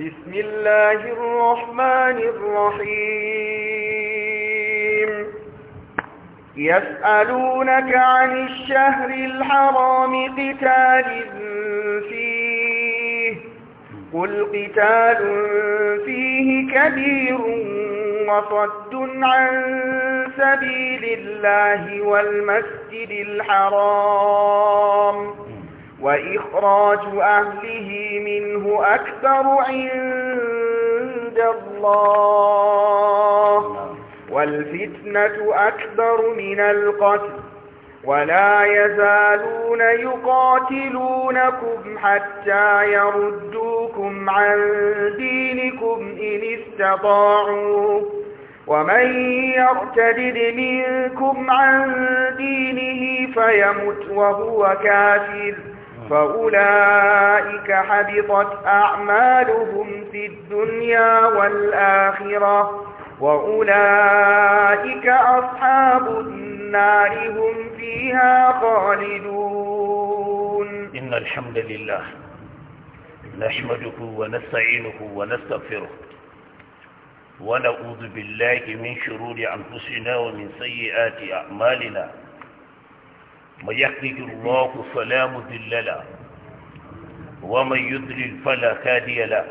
بسم الله الرحمن الرحيم يسألونك عن الشهر الحرام قتال فيه قل قتال فيه كبير وصد عن سبيل الله والمسجد الحرام وإخراج أهله منه أكبر عند الله والفتنة أكبر من القتل ولا يزالون يقاتلونكم حتى يردوكم عن دينكم إن استطاعوا ومن يرتدد منكم عن دينه فيمت وهو كافر فأولئك حبطت أعمالهم في الدنيا والآخرة وأولئك أصحاب النار هم فيها خالدون إن الحمد لله نحمده ونستعينه ونستغفره ونعوذ بالله من شرور أنفسنا ومن سيئات أعمالنا من يهده الله فلا مذل له ومن يضلل فلا هادي له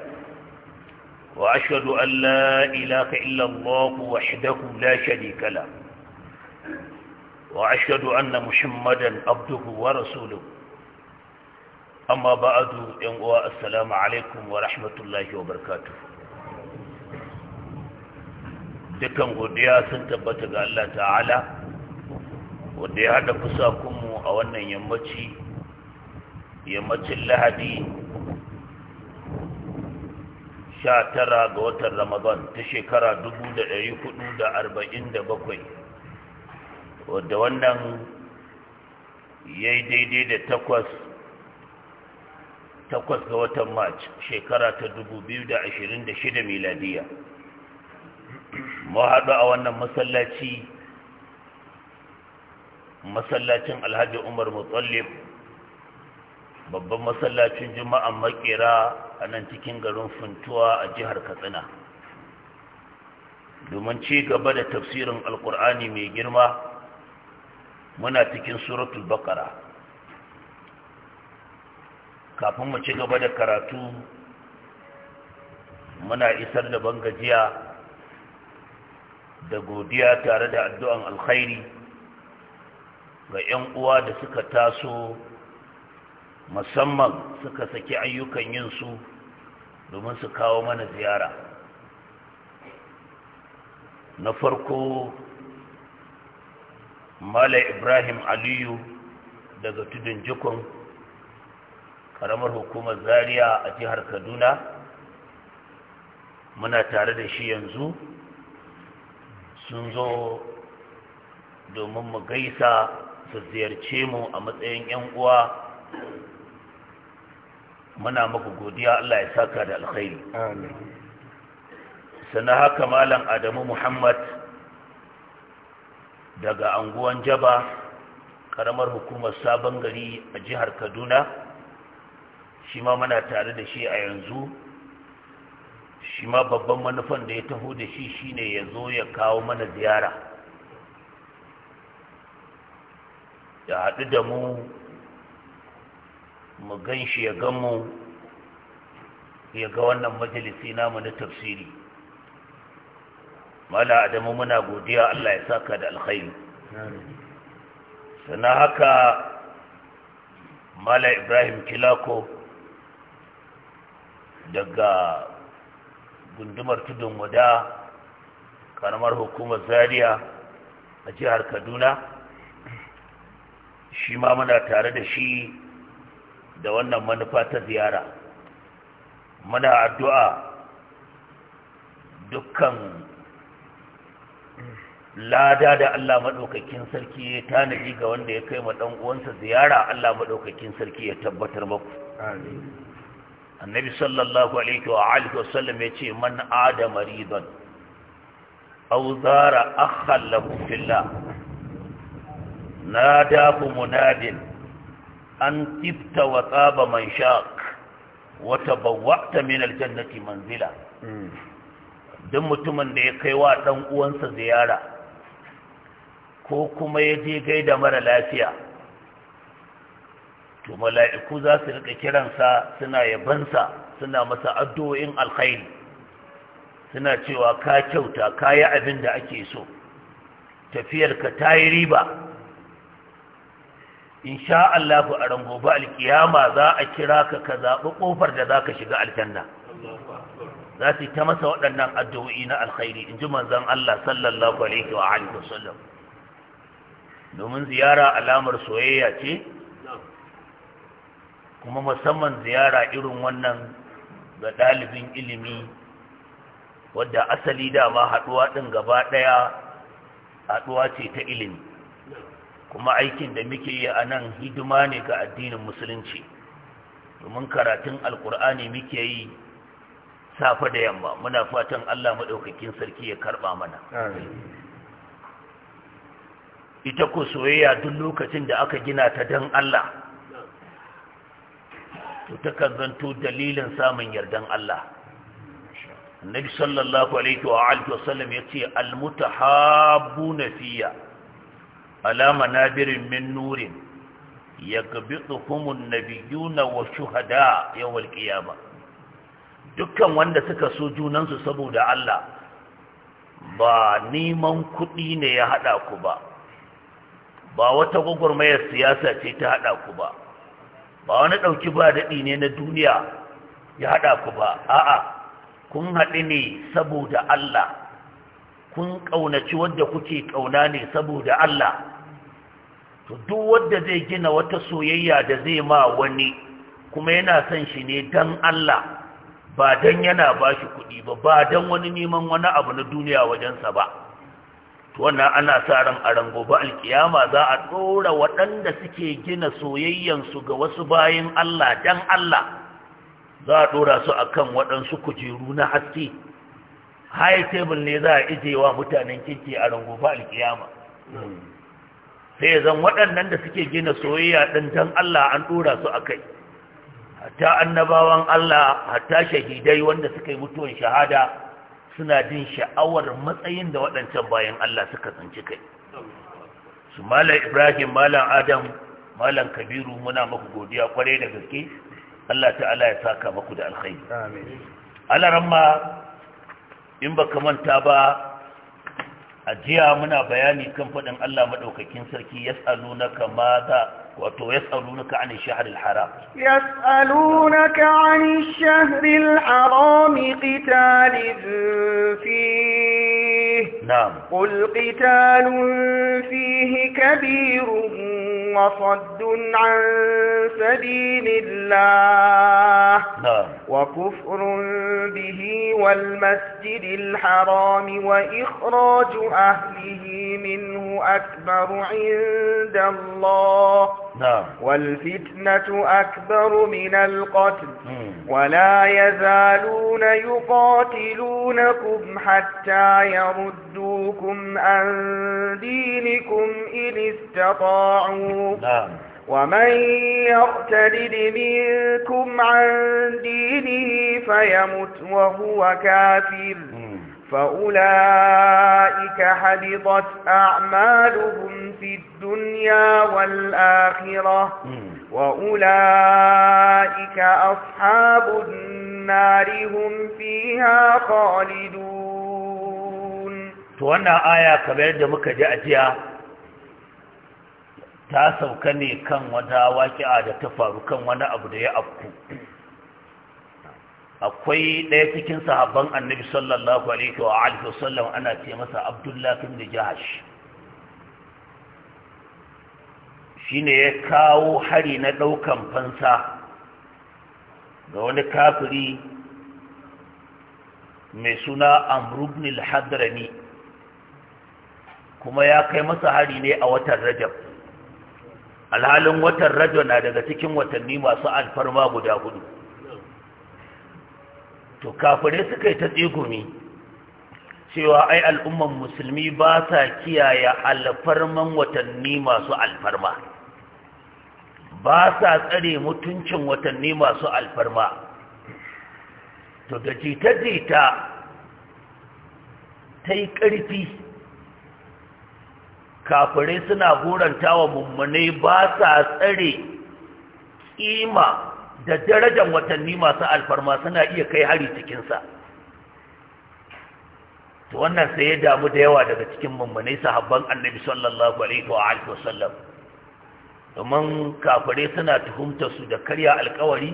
وأشهد أن لا إله إلا الله وحده لا شريك له وأشهد أن محمدا عبده ورسوله أما بعد ينقوى السلام عليكم ورحمة الله وبركاته دكم قديا سنتبتك الله تعالى wanda ya haɗa kunmu a wannan yammaci yammacin lahadi sha tara ga watan ramadan ta shekara dubu da ɗari hudu da arba'in da bakwai wadda wannan ya yi daidai da takwas takwas ga watan march shekara ta dubu biyu da ashirin da shida miladiya mu haɗu a wannan masallaci masallacin alhaji umar mutallib babban masallacin juma'a makera a nan cikin garin funtuwa a jihar katsina domin ci gaba da tafsirin alkur'ani mai girma muna cikin suratul bakara kafin mu ci gaba da karatu muna isar da bangajiya da godiya tare da addu'an alkhairi ga 'yan uwa da suka taso musamman suka saki ayyukan yinsu domin su kawo mana ziyara na farko mala ibrahim aliyu daga tudun Jikon, karamar hukumar zaria a jihar kaduna muna tare da shi yanzu sun zo domin mu gaisa su ziyarce mu a matsayin 'yan uwa muna muku godiya Allah ya saka da alkhairi sana haka malam adamu muhammad daga anguwan jaba karamar hukumar sabon gari a jihar kaduna shi ma muna tare da shi a yanzu shi ma babban manufan da ya taho da shi shine ya zo ya kawo mana ziyara ya haɗu da mu mu gan shi ya gan mu ya ga wannan majalisi namu na tafsiri mala adamu muna godiya Allah ya saka da alkhairi Sannan haka mala ibrahim kilako daga gundumar tudun wada karamar hukumar zaria a jihar kaduna shi ma muna tare da shi da wannan manufa ta ziyara muna addu'a dukkan lada da Allah maɗaukakin sarki ya tanadi ga wanda ya kai ɗan uwansa ziyara Allah maɗaukakin sarki ya tabbatar maku annabi sallallahu alaihi wa alihi wasallam ya ce man adamariban aw zara akhallahu fillah na dafu munadin an kifta wa tsaba man shaƙ wata bawata minar jannati manzila don mutumin da ya kai wa ɗan uwansa ziyara ko kuma ya je gaida mara lafiya to mala'iku za su rika kiransa suna yabansa suna masa addu'o'in alkhairi suna cewa ka kyauta ka yi abin da ake so tafiyarka ta yi riba in sha Allah a ran gobe alkiyama za a kira ka ka zaɓi ƙofar da za ka shiga aljanna za su ta masa waɗannan addu'o'i na alkhairi in ji Allah sallallahu alaihi wa alihi wasallam domin ziyara alamar soyayya ce kuma musamman ziyara irin wannan ga ɗalibin ilimi wadda asali dama haɗuwa ɗin gaba ɗaya haɗuwa ce ta ilimi kuma aikin da muke yi a nan hidima ne ga addinin musulunci domin karatun alkur'ani muke yi safe da yamma muna fatan allah maɗaukakin sarki ya karɓa mana ita ko soyayya duk lokacin da aka gina ta dan allah to takan zanto dalilin samun yardan allah annabi sallallahu alaihi wa alihi ya ce almutahabbuna Alama nabirin min nurin ya yaqbiduhumun nabiyuna wa shuhada yawal ba. dukkan wanda suka so junansu saboda Allah ba neman kuɗi ne ya haɗa ku ba ba wata gwagwarmayar siyasa ce ta haɗa ku ba ba wani ɗauki ba daɗi ne na duniya ya haɗa ku ba a'a kun haɗu ne saboda Allah kun ƙaunaci wanda kuke ƙauna ne saboda Allah to duk wanda zai gina wata soyayya da zai ma wani kuma yana son shi ne dan Allah ba dan yana ba shi kuɗi ba ba dan wani neman wani abu na duniya wajensa ba to wannan ana sa ran a rango ba alkiyama za a ɗora waɗanda suke gina soyayyan su ga wasu bayin Allah dan Allah za a ɗora su akan waɗansu kujeru na haske high table ne za a ijewa mutanen kirki a rango ba alkiyama sai zan waɗannan da suke gina soyayya ɗin don Allah an ɗora su a kai hatta annabawan Allah hatta shahidai wanda suka yi mutuwan shahada suna jin sha'awar matsayin da waɗancan bayan Allah suka tsanci kai su malam ibrahim malam adam malam kabiru muna maku godiya kwarai da gaske Allah ta'ala ya saka maku da alkhairi amin alaramma in baka manta ba a jiya muna bayani kan faɗin Allah maɗaukakin sarki ya tsalo na kama ويسألونك عن الشهر الحرام يسألونك عن الشهر الحرام قتال فيه نعم قل قتال فيه كبير وصد عن سبيل الله نعم. وكفر به والمسجد الحرام وإخراج أهله منه أكبر عند الله نعم والفتنة أكبر من القتل ولا يزالون يقاتلونكم حتى يردوكم عن دينكم إن استطاعوا نعم ومن يرتد منكم عن دينه فيمت وهو كافر فأولئك حبطت أعمالهم في الدنيا والآخرة وأولئك أصحاب النار هم فيها خالدون توانا آية كبير دمك جاءتها ta sauka ne kan wata waƙi'a da ta faru kan wani abu da ya afku akwai ɗaya cikin sahabban annabi sallallahu alaihi wa alihi wasallam ana ce masa abdullahi ibn jahash shine ya kawo hari na ɗaukan fansa ga wani kafiri mai suna amrubn al kuma ya kai masa hari ne a watan rajab alhalin watan rajab na daga cikin watanni masu alfarma guda hudu to kafare suka yi ta tsigumi cewa ai al'umman musulmi ba sa kiyaye alfarman watanni masu alfarma ba sa tsare mutuncin watanni masu alfarma to da jita-jita ta yi ƙarfi kafirai suna horanta wa mummunai ba sa tsare ƙima da darajar watanni masu alfarma suna iya kai hari cikinsa to wannan sai ya damu da yawa daga cikin mummunai sahabban annabi sallallahu alaihi wa alihi wasallam domin kafare suna tuhumta su da karya alkawari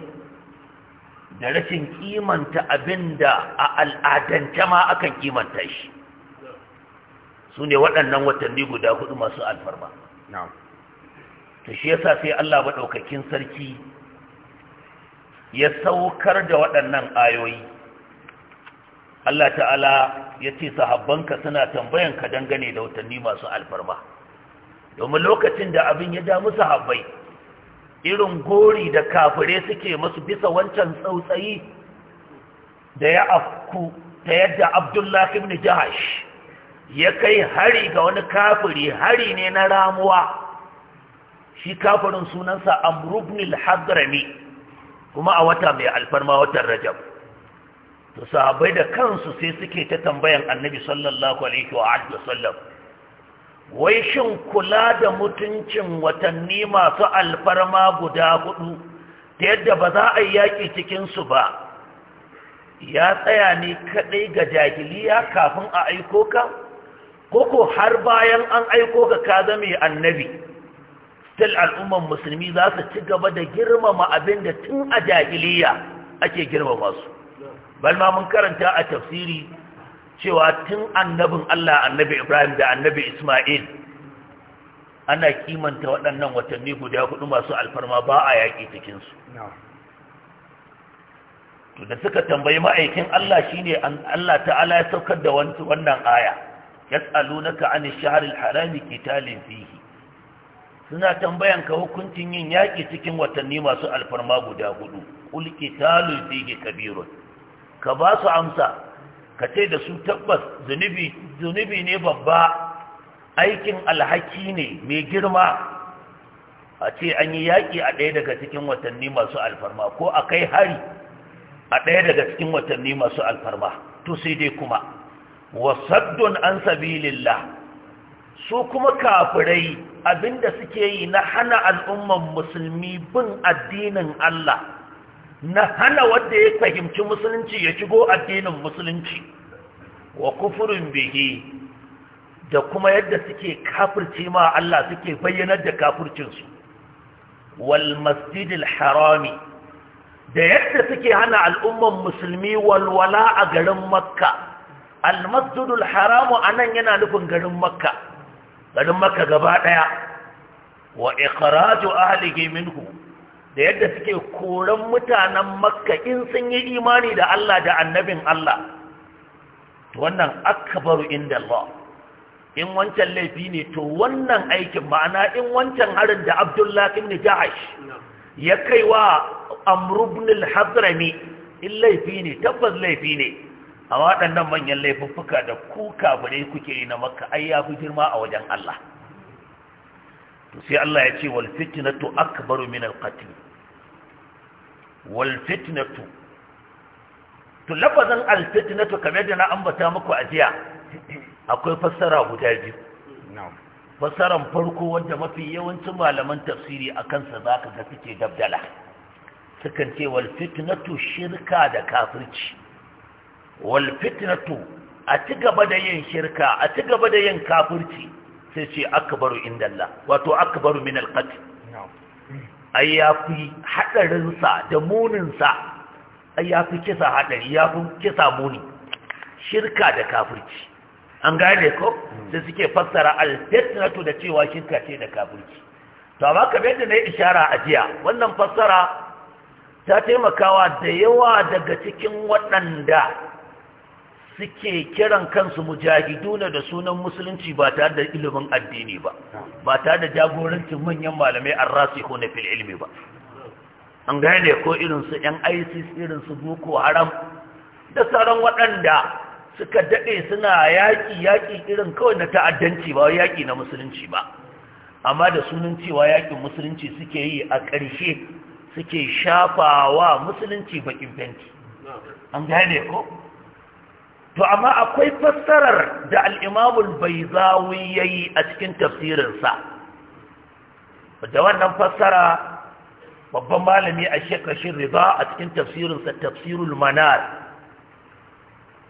da rashin kimanta abinda a al'adance ma akan kimanta shi su ne waɗannan watanni guda hudu masu alfarma to shi yasa sai Allah maɗaukakin sarki ya saukar da waɗannan ayoyi Allah ta'ala ya ce sahabbanka suna tambayan ka dangane da watanni masu alfarma domin lokacin da abin ya damu sahabbai irin gori da kafire suke masu bisa wancan tsautsayi da ya afku ta yadda abdullahi ibn jahash ya kai hari ga wani kafiri hari ne na ramuwa shi kafirin sunansa amrubnil hadrami kuma a wata mai alfarma watan rajab to sahabbai da kansu sai suke ta tambayan annabi sallallahu alaihi wa alihi wasallam wai shin kula da mutuncin watanni masu alfarma guda hudu ta yadda ba za a yi yaƙi su ba ya tsaya ne kaɗai ga jahiliya kafin a aiko ka koko har bayan an aiko ka ka zama annabi still al'umman musulmi za su ci gaba da girmama abin da tun a jahiliya ake girmama su Balma mun karanta a tafsiri cewa tun annabin Allah annabi Ibrahim da annabi Ismail ana kimanta waɗannan watanni guda hudu masu alfarma ba a yaƙi cikinsu to da suka tambayi ma'aikin Allah shine Allah ta'ala ya saukar da wannan aya yas'alunaka 'anil shahril harami qitalin fihi suna tambayan ka hukuncin yin yaƙi cikin watanni masu alfarma guda hudu ulki talu fihi kabirun ka ba su amsa ka ce da su tabbas zunubi zunubi ne babba aikin alhaki ne mai girma a ce an yi yaƙi a ɗaya daga cikin watanni masu alfarma ko a kai hari a ɗaya daga cikin watanni masu alfarma to sai dai kuma wasaddun an sabilillah su kuma kafirai abinda suke yi na hana al'umman musulmi bin addinin Allah na hana wanda ya fahimci musulunci ya shigo addinin musulunci wa kufurin bihi da kuma yadda suke kafirci ma Allah suke bayyanar da kafircinsu wal masjidil harami da yadda suke hana al'umman musulmi walwala a garin makka al masjidul haramu anan yana nufin garin makka garin maka gaba ɗaya wa ikhraju ahlihi minhu da yadda suke koran mutanen makka in sun yi imani da Allah da annabin Allah wannan akbaru inda Allah in wancan laifi ne to wannan aikin ma'ana in wancan harin da Abdullah ibn Jahash ya kaiwa Amr ibn al-Hadrami in laifi ne tabbas laifi ne a waɗannan manyan laifuffuka da ku kafirai kuke yi na makka ai ya fi girma a wajen Allah to sai Allah ya ce wal fitnatu akbaru min al qatl wal fitnatu to lafazin al fitnatu kamar da na ambata muku a jiya akwai fassara guda biyu fassaran farko wanda mafi yawancin malaman tafsiri a kansa za ka ga suke dabdala sukan ce wal fitnatu shirka da kafirci wal fitnatu a ci gaba da yin shirka a ci gaba da yin kafirci sai ce akbaru indallah wato akbaru min alqatl ai ya hadarin sa da munin sa ya fi kisa hadari fi kisa muni shirka da kafirci an gane ko hmm. sai suke fassara al-fitnatu da cewa shirka ce da kafirci to amma kamar yadda na yi ishara a jiya wannan fassara ta taimakawa da yawa daga cikin waɗanda suke kiran kansu mujahiduna da sunan musulunci ba tare da ilimin addini ba ba tare da jagorancin manyan malamai an rasu na fil ilmi ba an gane ko irinsu yan isis irinsu boko haram da sauran waɗanda suka daɗe suna yaƙi yaƙi irin kawai na ta'addanci ba yaƙi na musulunci ba amma da sunan cewa yaƙin musulunci suke yi a ƙarshe suke shafawa musulunci baƙin fenti an gane ko to amma akwai fassarar da al'imamul bai zawi ya yi a cikin tafsirinsa da wannan fassara babban malami a shekashin riba a cikin tafsirinsa tafsirul manar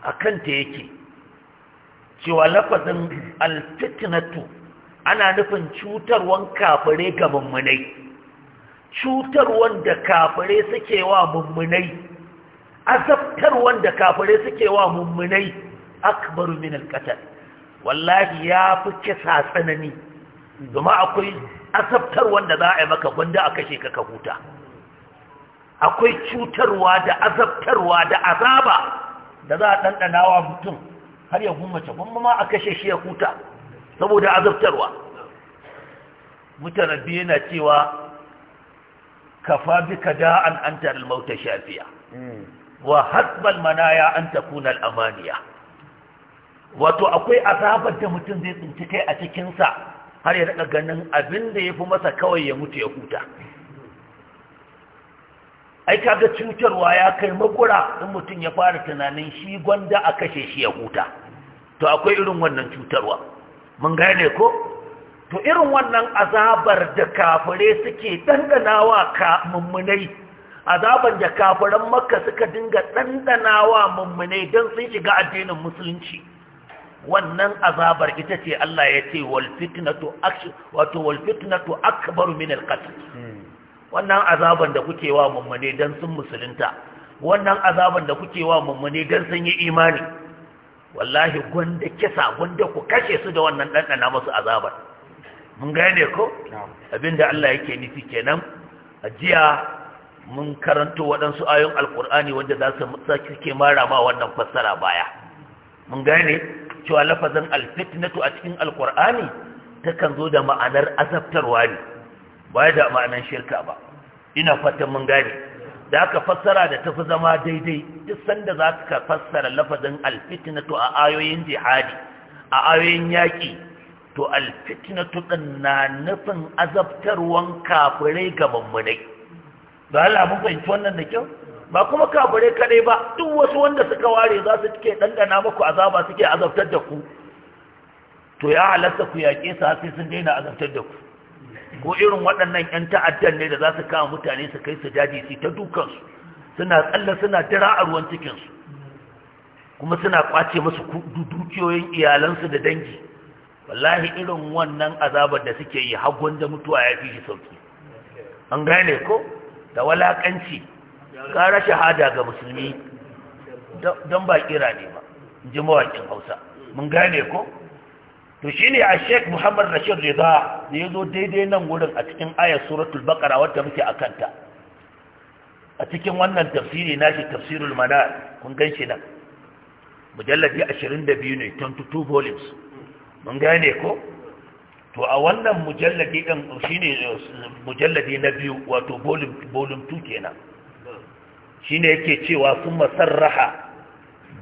a kanta yake cewa lafazin alfitinatu ana nufin cutarwan kafare ga mummunai cutarwan da kafare suke wa mummunai azabtar wanda kafare suke wa mummunai akbaru min alqatal wallahi ya fi kisa tsanani kuma akwai azabtar wanda za a yi maka gunda a kashe ka ka huta akwai cutarwa da azabtarwa da azaba da za a dandana wa mutum har ya gummace kuma ma a kashe shi ya huta saboda azabtarwa mutane na cewa kafa bi ka da'an an antar mauta shafiya hmm. wa hasbal manaya an takuna amaniya wato akwai azabar da mutum zai tsinci kai a cikin sa har ya daga ganin abin da ya fi masa kawai ya mutu ya huta ai kaga cutarwa ya kai makura in mutum ya fara tunanin shi gwanda a kashe shi ya huta to akwai irin wannan cutarwa mun gane ko to irin wannan azabar da kafire suke wa ka mummunai azaban da kafiran makka suka dinga ɗanɗanawa mummune don sun shiga addinin musulunci wannan azabar ita ce Allah ya ce wal fitnatu wato wal fitnatu akbaru min al qatl wannan azaban da kuke wa mummune don sun musulunta wannan azaban da kuke wa mummune don sun yi imani wallahi gwanda kisa gwanda ku kashe su da wannan ɗanɗana musu azabar mun gane ko abinda Allah yake nufi kenan a jiya mun karanto waɗansu ayon alƙur'ani wanda za su sake mara ma wannan fassara baya mun gane cewa lafazin alfitnatu a cikin ta takan zo da ma'anar azabtarwa ne ba da ma'anar shirka ba ina fatan mun gane da aka fassara da tafi zama daidai duk sanda za ka fassara lafazin alfitnatu a ayoyin jihadi a ayoyin yaƙi to alfitnatu ɗin na nufin azabtarwan kafirai ga mummunai ba Allah mun fahimci wannan da kyau ba kuma kabure kadai ba duk wasu wanda suka ware za su cike dangana muku azaba suke azabtar da ku to ya halatta ku yaƙe su har sai sun daina azabtar da ku ko irin waɗannan ƴan ta'addan ne da za su kama mutane su kai su daji su ta dukansu suna tsalle suna tara a ruwan cikinsu kuma suna kwace musu dukiyoyin iyalansu da dangi wallahi irin wannan azabar da suke yi har gwanda mutuwa ya fi shi sauki an gane ko da walakanci kara shahada ga musulmi don ba kira ne ba ji mawakin hausa mun gane ko to ne a sheik muhammad rashid rida da ya zo daidai nan wurin a cikin ayar suratul bakara wadda muke a kanta a cikin wannan tafsiri nashi tafsirul manar kun gan shi nan mujalladi 22 ne 22 volumes mun gane ko to a wannan mujalladi din shine mujallade na biyu wato volume 2 kenan shine yake cewa sun masarraha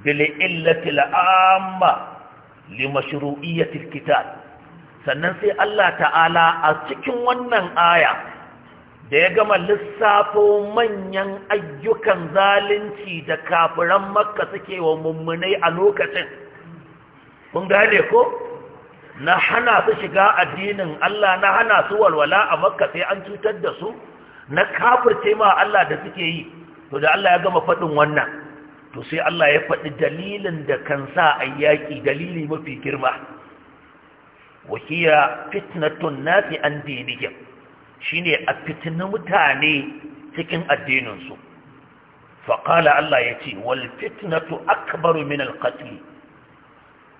bil illati la'amma li mashru'iyyatil kitab sannan sai Allah ta'ala a cikin wannan aya da ya gama lissafo manyan ayyukan zalunci da kafiran makka suke wa mummunai a lokacin kun gane ko na hana su shiga addinin Allah na hana su walwala a makka sai an cutar da su na kafirce ma Allah da suke yi to da Allah ya gama faɗin wannan to sai Allah ya faɗi dalilin da kan sa a yaƙi dalili mafi girma wakiya fitnatun nasi an shi shine a fitina mutane cikin addininsu faƙala Allah ya ce wal fitnatu akbaru min alƙatli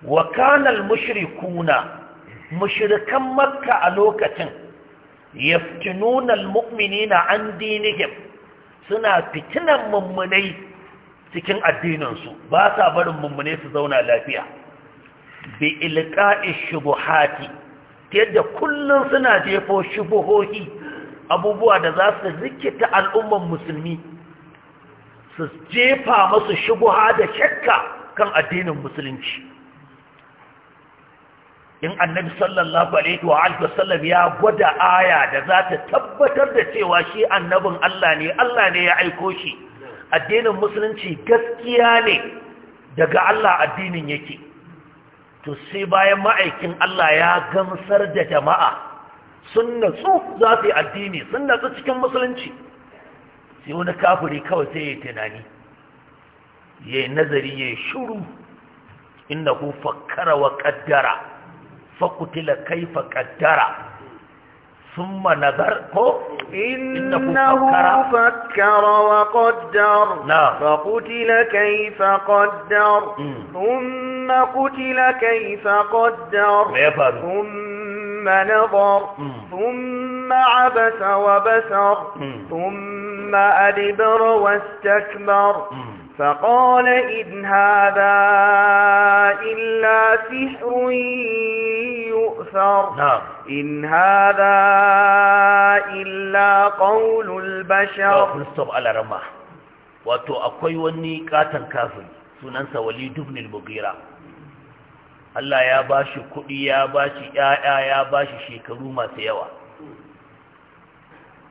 wa kanal mushrikuna mushrikan makka a lokacin yaftinuna mu'minina an dinihim suna fitinan mummunai cikin addininsu ba sa barin mummunai su zauna lafiya bi ilqa'i shubuhati ta yadda kullum suna jefo shubuhohi abubuwa da za su rikita al'umman musulmi su jefa masu shubuha da shakka kan addinin musulunci in annabi sallallahu alaihi wa alihi wasallam ya gwada aya da za ta tabbatar da cewa shi annabin Allah ne Allah ne ya aiko shi addinin musulunci gaskiya ne daga Allah addinin yake to sai bayan ma'aikin Allah ya gamsar da jama'a sun su za su yi addini sun su cikin musulunci sai wani kafiri kawai sai ya tunani ya nazari ya shuru inda ku fakkara wa kaddara فقتل كيف قدر ثم نظر إنه فكر وقدر نعم فقتل كيف قدر ثم قتل كيف قدر ثم نظر ثم عبس وبسر ثم أدبر واستكبر فقال إن هذا إلا سحر يؤثر نعم. إن هذا إلا قول البشر نستوب على رماه واتو أقوي وني كاتن كافر سننسى وليد بن المغيرة Allah ya bashi kuɗi ya bashi ‘ya'ya ya bashi shekaru masu yawa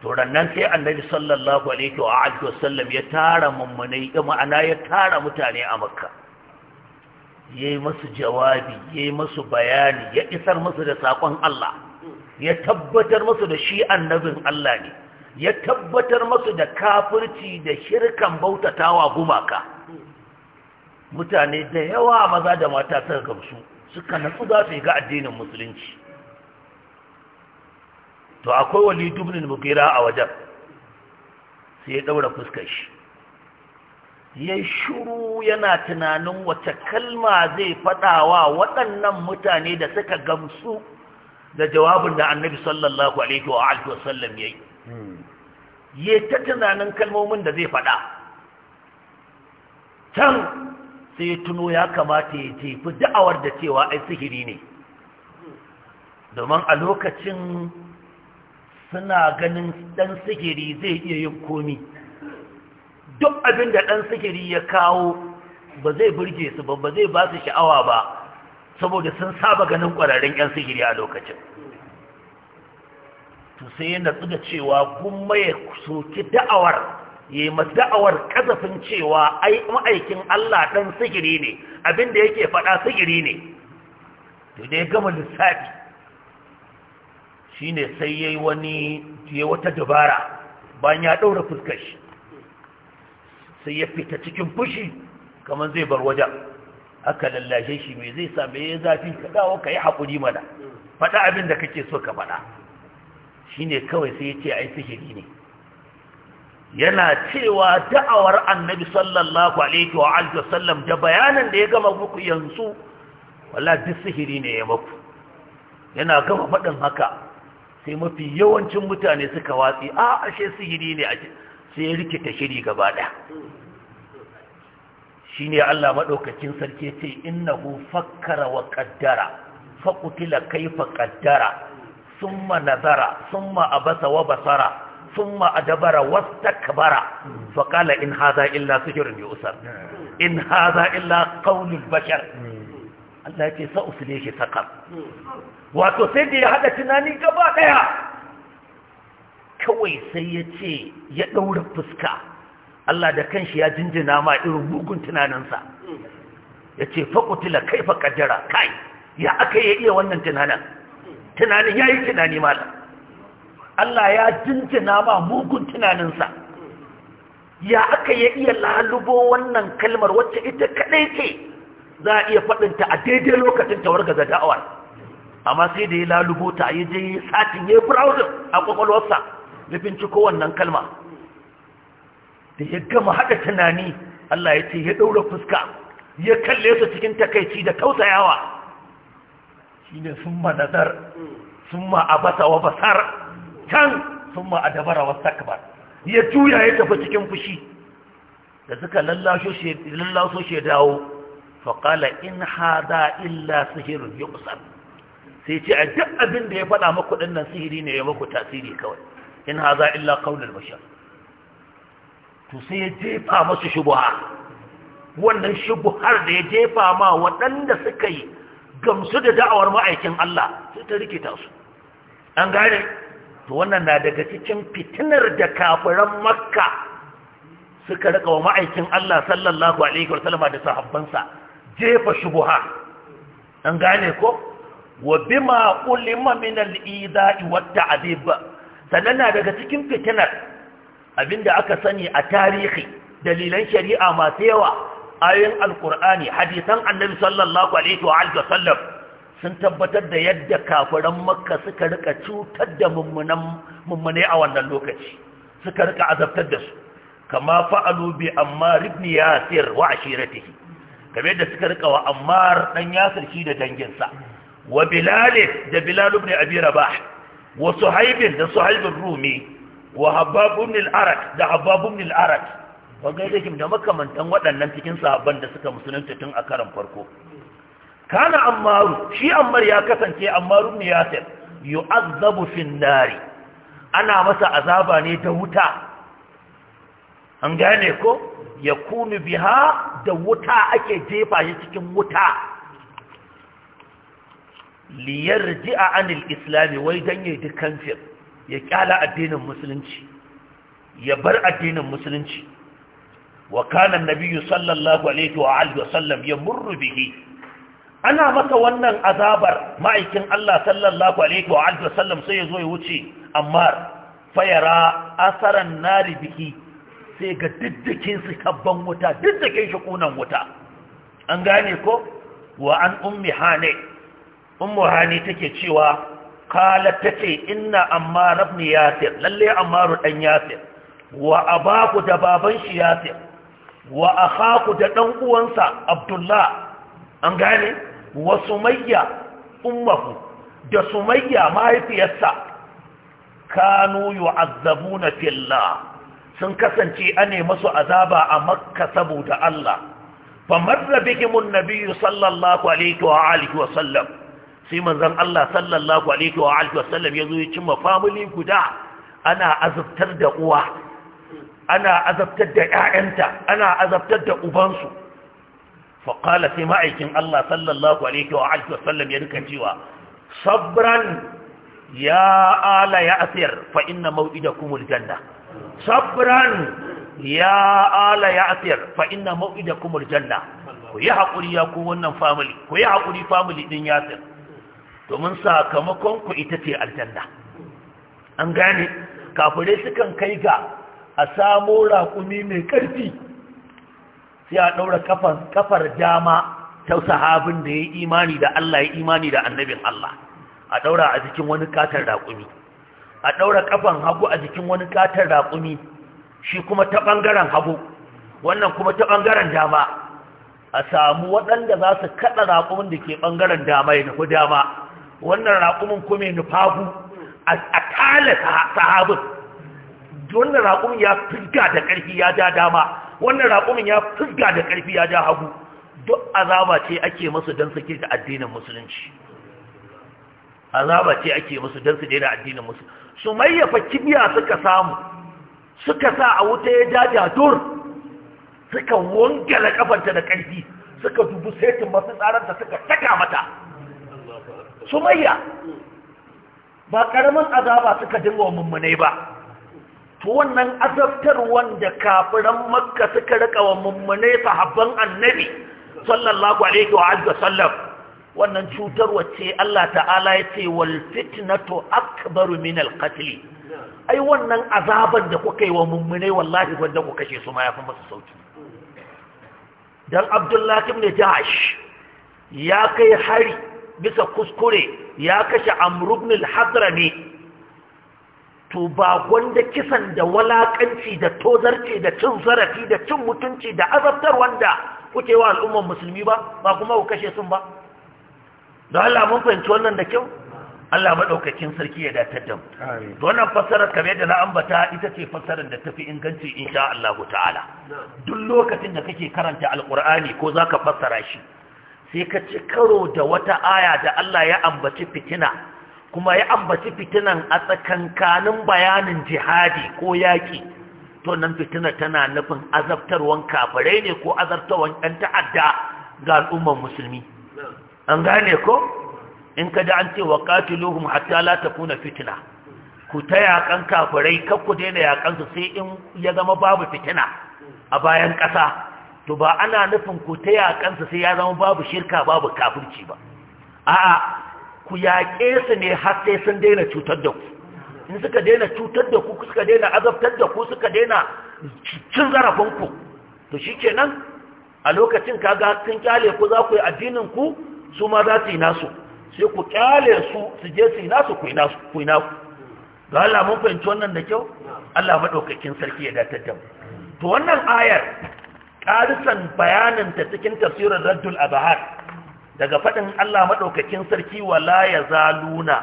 to nan sai annabi sallallahu alaihi wa alihi wasallam ya tara mummunai ma'ana ya tara mutane a makka yayi musu jawabi yayi musu bayani ya isar musu da sakon Allah ya tabbatar musu da shi annabin Allah ne ya tabbatar musu da kafirci da shirkan bautatawa gumaka mutane da yawa maza da mata suka gamsu suka nutsu za su ga addinin musulunci to akwai wali dubnin mukira a wajen sai ya daura fuskar shi ya shuru yana tunanin wace kalma zai fadawa waɗannan mutane da suka gamsu da jawabin da annabi sallallahu alaihi wa alihi wasallam yayi ya ta tunanin kalmomin da zai fada can sai tuno ya kamata ya jefi da'awar da cewa ai sihiri ne domin a lokacin suna ganin ɗan sigiri zai iya yin komi duk abin da ɗan sikiri ya kawo ba zai burge su ba ba zai ba su sha'awa ba saboda sun saba ganin ƙwararrun ƴan sigiri a lokacin to sai yana cewa gumma ya soki da'awar ya yi da'awar kazafin cewa ai ma'aikin Allah ɗan sigiri ne abin da yake faɗa sigiri ne to dai gama lissafi shine sai yayi wani yayi wata dabara bayan ya ɗaura fuskar shi sai ya fita cikin fushi kamar zai bar wajen aka lallashe shi mai zai same ya zafi ka dawo ka yi haƙuri mana faɗa abin da kake so ka faɗa shi ne kawai sai ya ce ai sihiri ne yana cewa da'awar annabi sallallahu alaihi wa alihi wa sallam da bayanan da ya gama muku yanzu wala duk sihiri ne ya muku yana gama faɗin haka sai mafi yawancin mutane suka watsi a ashe sihiri ne sai ya rikita shiri gaba ɗaya shi ne Allah maɗaukacin sarki ce innahu fakkara wa ƙaddara faƙutila kaifa ƙaddara summa nazara summa abasa wa basara summa adabara wastakbara fa qala in haza illa sihrun yusar in haza illa ƙaunin bashar hmm. Allah ya ce ne shi saƙar wato sai da ya haɗa tunani gaba ɗaya kawai sai ya ce ya ɗaura fuska Allah da kanshi ya jinjina ma irin mugun tunaninsa ya ce faƙutula kai faƙajara kai ya aka yi iya wannan tunanin tunanin ya yi tunani mala Allah ya jinjina ma mugun tunaninsa ya aka yi iya lalubo wannan kalmar wacce ita kaɗai ce za a iya faɗinta a daidai lokacin tawar gaza da'awar amma sai da ya lalubo ta yi je satin ya yi a ƙwaƙwalwarsa. ya binciko wannan kalma da ya gama haɗa tunani Allah ya ce ya ɗaura fuska ya kalle su cikin takaici da tausayawa shi ne sun ma nazar sun ma a basa wa basar can sun ma a dabara wa takbar ya juya ya tafi cikin fushi da suka lallaso shi dawo faƙala in haza illa sihirin ya sai ce a duk abin da ya faɗa maku ɗannan sihiri ne ya maku tasiri kawai in haza illa ƙaunar bashar to sai ya jefa masu shubuha wannan shubuhar da ya jefa ma waɗanda suka yi gamsu da da'awar ma'aikin Allah sai ta rikita su an gane to wannan na daga cikin fitinar da kafiran makka suka rika wa ma'aikin Allah sallallahu alaihi wasallam da sahabbansa jefa shubuha an gane ko wa bima ulima min al-ida'i wa ta'dib sannan daga cikin fitinar abinda aka sani a tarihi dalilan shari'a masu yawa ayoyin alkur'ani hadisan annabi sallallahu alaihi wa alihi sun tabbatar da yadda kafiran makka suka rika cutar da mummunan mummune a wannan lokaci suka rika azabtar da su kama fa'alu bi ammar ibn yasir wa ashiratihi kamar da suka rika wa ammar dan yasir shi da danginsa wa bilal da bilal ibn abi rabah wa suhaib da suhaib rumi wa habab ibn al-arak da habab ibn al-arak wanda yake da makamantan waɗannan cikin sahabban da suka musulunta tun a karan farko kana ammaru shi ammar ya kasance ammaru ibn yasir yu'azzabu fin nari ana masa azaba ne ta wuta an gane ko ya kunu biha da wuta ake jefa shi cikin wuta liyar ji'a anil islami wai don yi dukanfir ya kyala addinin musulunci ya bar addinin musulunci wa kanan nabiyu sallallahu alaihi wa alihi wasallam ya murru bihi ana masa wannan azabar ma'aikin Allah sallallahu alaihi wa alihi wasallam sai ya zo ya wuce amma fayara asaran nari bihi sai ga diddikin su kabban wuta diddikin shi kunan wuta an gane ko wa an ummi hane ummu hane take cewa kala take inna amma rabni yasir lalle ammaru dan yasir wa abaku da baban shi yasir wa akhaku da dan uwansa abdullah an gane wa sumayya ummuhu da sumayya mahaifiyarsa kanu yu'azzabuna fillah sun kasance ane masu azaba a makka saboda Allah famarra bihimun nabiyyu sallallahu alaihi wa alihi wa sallam sai manzon Allah sallallahu alaihi wa alihi wa sallam yazo ya cimma family guda ana azabtar da uwa ana azabtar da ƴaƴanta ana azabtar da ubansu fa qala sai ma'aikin Allah sallallahu alaihi wa alihi wa sallam ya rika cewa sabran ya ala ya asir fa inna maw'idakumul janna sabran ya ala ya asir fa inna kuma aljanna ku yi hakuri ya ku wannan family ku yi hakuri family din yasir domin sakamakon ku ita ce aljanna an gane kafirai sukan kai ga a samo raƙumi mai ƙarfi sai a ɗaura kafar dama ta sahabin da ya imani da Allah ya imani da annabin Allah a ɗaura a cikin wani katar raƙumi a ɗaura ƙafan hagu a jikin wani ƙatar raƙumi shi kuma ta ɓangaren hagu wannan kuma ta ɓangaren dama a samu waɗanda za su kaɗa raƙumin da ke ɓangaren dama ya nufi dama wannan raƙumin kuma ya nufi hagu a tala sahabin wannan raƙumin ya fizga da ƙarfi ya ja dama wannan raƙumin ya fizga da ƙarfi ya ja hagu duk azaba ce ake masu don su kirta addinin musulunci azaba ce ake musu don su daina addinin musulunci. su mayyafa kibiya suka samu suka sa a wuta ya jaja dur suka wangala kafanta da ƙarfi suka dubu setin masu tsaranta suka taka mata su ba ƙaramin azaba suka dinga wa mummunai ba to wannan azabtar wanda kafiran makka suka rika wa mummunai sahabban annabi sallallahu alaihi wa sallam wannan cutar wacce Allah ta'ala ya ce wal fitnatu akbaru min al qatl ai wannan azaban da kuka yi wa mummunai wallahi wanda kuka kashe su ma yafi musu sauki dan Abdullahi ibn Jahash ya kai hari bisa kuskure ya kashe Amr ibn al-Hadrami to ba gwanda kisan da walakanci da tozarci da cin zarafi da cin mutunci da azabtar wanda kuke wa al'ummar musulmi ba ba kuma ku kashe sun ba don Allah mun fahimci wannan da kyau Allah maɗaukakin sarki ya datar da mu wannan fassarar kamar yadda na ambata ita ce fassarar da tafi inganci insha Allah ta'ala duk lokacin da kake karanta alqur'ani ko zaka fassara shi sai ka ci karo da wata aya da Allah ya ambaci fitina kuma ya ambaci fitinan a tsakankanin bayanin jihadi ko yaƙi to nan fitina tana nufin azabtarwan kafirai ne ko azabtarwan ɗan ta'adda ga al'ummar musulmi an gane ko in ka da an ce wa katiluhum hatta la takuna fitna ku ta yakan kafirai kar ku daina yakan su sai in ya zama babu fitina a bayan ƙasa to ba ana nufin ku ta yakan su sai ya zama babu shirka babu kafirci ba a'a ku yaƙe su ne har sai sun daina cutar da ku in suka daina cutar da ku suka daina azabtar da ku suka daina cin zarafin ku to shikenan a lokacin kaga kin kyale ku za ku yi addinin ku su ma za su yi nasu sai ku kyale su su je su yi nasu ku yi nasu ku yi nasu ga Allah mun fahimci wannan da kyau Allah madaukakin sarki ya datar da mu to wannan ayar ƙarisan bayanin ta cikin tafsirin Raddul Abahar daga faɗin Allah madaukakin sarki wala Zaluna,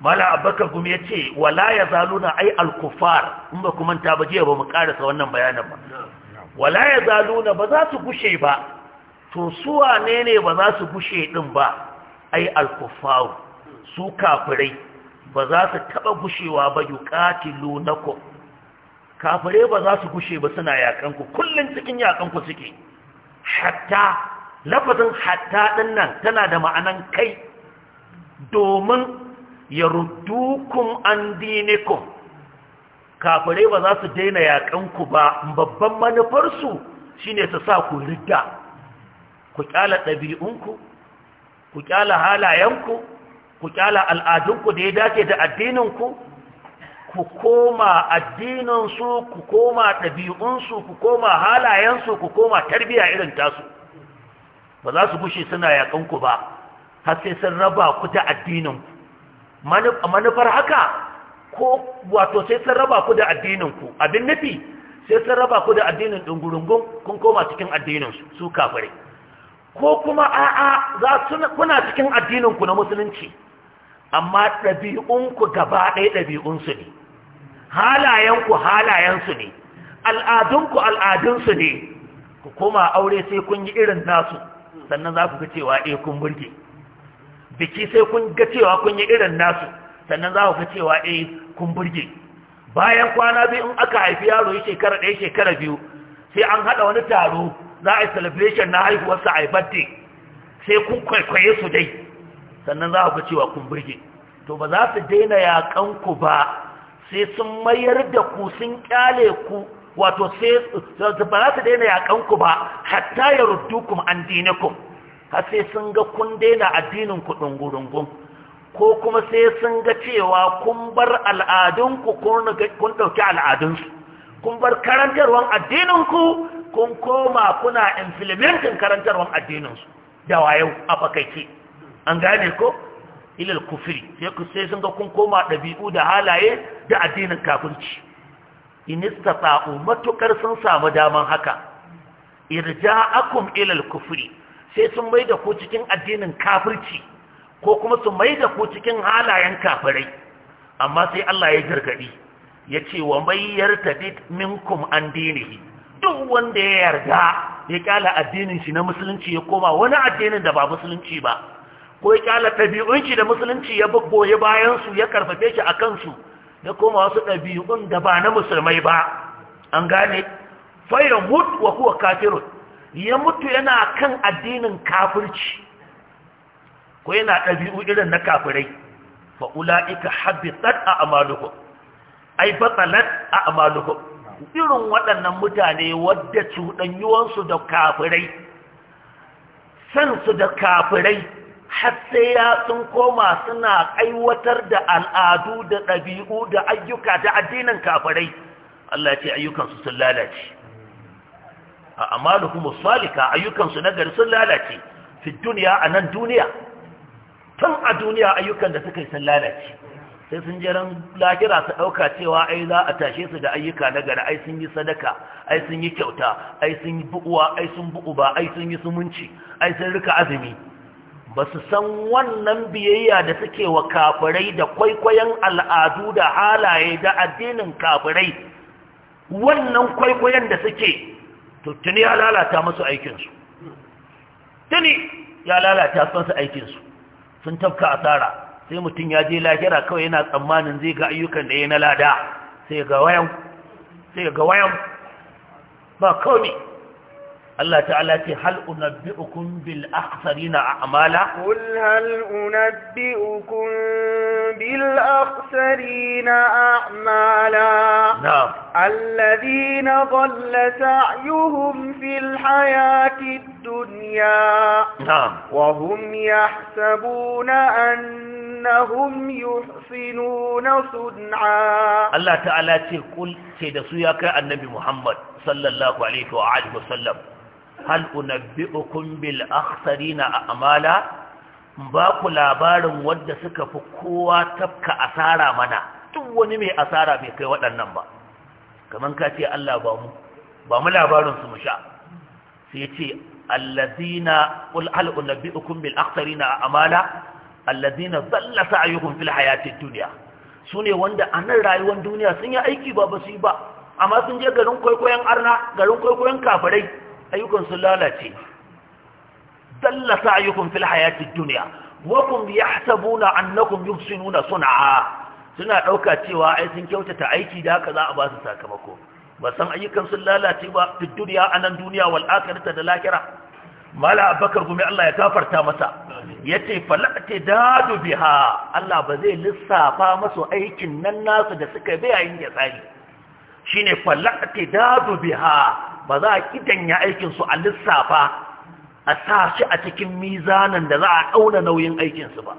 mala abaka gumi ya ce wala ya zaluna ai alkufar in ba kuma ta ba jiya ba mu karasa wannan bayanin ba wala ya zaluna ba za su gushe ba to su wane ne ba za su gushe din ba ai alkufaru su kafirai ba za su taba gushewa ba yuqatilu nakum kafirai ba za su gushe ba suna yakan ku cikin yakan ku suke hatta lafazin hatta din nan tana da ma'anan kai domin ya yaruddukum an dinikum kafirai ba za su daina yakan ku ba babban manufarsu shine su sa ku ridda ku kyala ɗabi'unku ku kyala halayenku ku kyala al'adunku da ya dace da addininku ku koma addininsu ku koma ɗabi'unsu ku koma halayensu ku koma tarbiyya irin tasu ba za su bushe suna yaƙanku ba har sai sun raba ku da addininku manufar haka ko wato sai sun raba ku da addininku abin nufi sai sun raba ku da addinin ɗungurungun kun koma cikin addininsu su kafare. ko kuma a'a za su kuna cikin addininku na musulunci amma ɗabi'unku gaba ɗaya ɗabi'unsu ne halayenku halayensu ne al'adunku al'adunsu ne ku koma aure sai kun yi irin nasu sannan za ku ga cewa eh kun burge biki sai kun ga cewa kun yi irin nasu sannan za ku ga cewa eh kun burge bayan kwana biyu in aka haifi yaro ya shekara ɗaya shekara biyu sai an haɗa wani taro za a yi celebration na haihuwarsa a yi birthday sai kun kwaikwaye su dai sannan za ku cewa kun birge to ba za su daina yakan ku ba sai sun mayar da ku sun kyale ku wato sai ba za su daina yakan ku ba hatta ya ruddukum an ku har sai sun ga kun daina addinin ku dungurungun ko kuma sai sun ga cewa kun bar al'adunku kun ɗauki al'adunsu kun bar karantarwar addininku kun koma kuna implementin karantarwar addininsu da wayau a fakaice an gane ko ilal kufri sai sun ga kun koma ɗabi'u da halaye da addinin kafirci in istata'u matukar sun samu daman haka irja'akum ilal kufri sai sun mai da ku cikin addinin kafirci ko kuma su mai da ku cikin halayen kafirai amma sai Allah ya gargadi ya ce wa mai yartadid minkum an dinihi duk wanda ya yarda ya kyala addinin shi na musulunci ya koma wani addinin da ba musulunci ba ko ya kyala ɗabi'un da musulunci ya babboye bayan su ya karfafe shi a kansu ya koma wasu ɗabi'un da ba na musulmai ba an gane fayar mut wa kuwa kafirun ya mutu yana kan addinin kafirci ko yana ɗabi'u irin na kafirai fa'ula'ika habitat a amaluhu ai batsalat a amaluhu irin waɗannan mutane wadda cuɗanyuwansu da kafirai sansu da kafirai har sai ya sun koma suna aiwatar da al'adu da ɗabi'u da ayyuka da addinin kafirai Allah ce ayyukansu sun lalace a kuma salika ayyukansu na gari sun lalace fi duniya a nan duniya tun a duniya ayyukan da suka yi sun lalace sai sun jiran lahira su ɗauka cewa ai za a tashe su da ayyuka na gari ai sun yi sadaka ai sun yi kyauta ai sun yi bu'uwa ai sun bu'u ba ai sun yi sumunci ai sun rika azumi ba su san wannan biyayya da suke wa kafirai da kwaikwayon al'adu da halaye da addinin kafirai wannan kwaikwayon da suke to tuni ya lalata musu aikinsu tuni ya lalata su aikinsu sun tafka asara sai mutum ya je lahira kawai yana tsammanin zai ga ayyukan da ya na lada sai ga wayan sai ga wayan ba kawai Allah ta'ala ce hal unabbi'ukum bil akhsarina a'mala qul hal unabbi'ukum bil akhsarina a'mala na'am alladhina dhalla sa'yuhum fil hayati ad-dunya na'am wa hum yahsabuna an innahum yuhsinuna sun'a Allah ta'ala ce kul ce da su ya kai annabi Muhammad sallallahu alaihi wa alihi wasallam hal unabbi'ukum bil akhsarina a'mala ba ku labarin wanda suka fi kowa tafka asara mana duk wani mai asara bai kai waɗannan ba kaman ka ce Allah ba mu ba mu labarin su mu sha sai ce allazina qul hal unabbi'ukum bil akhsarina a'mala allazina zalla sa'yuhum fil hayatid dunya sune wanda a nan rayuwar duniya sun yi aiki ba basu yi ba amma sun je garin kwaikwayon arna garin kwaikwayon kafirai ayyukan sun lalace zalla sa'yuhum fil hayatid dunya wa kum yahsabuna annakum yuhsinuna sun'a suna dauka cewa ai sun kyautata aiki da haka za a ba su sakamako ba san ayyukan sun lalace ba fi duniya anan duniya wal akhirata da lakira. mala abakar gumi Allah ya kafarta masa ya ce fala'ati dadu biha Allah ba zai lissafa masu aikin nan nasu da suka bi yayin ya tsari shi ne dadu biha ba za a kidanya aikinsu a lissafa a sa shi a cikin mizanin da za a auna nauyin aikinsu ba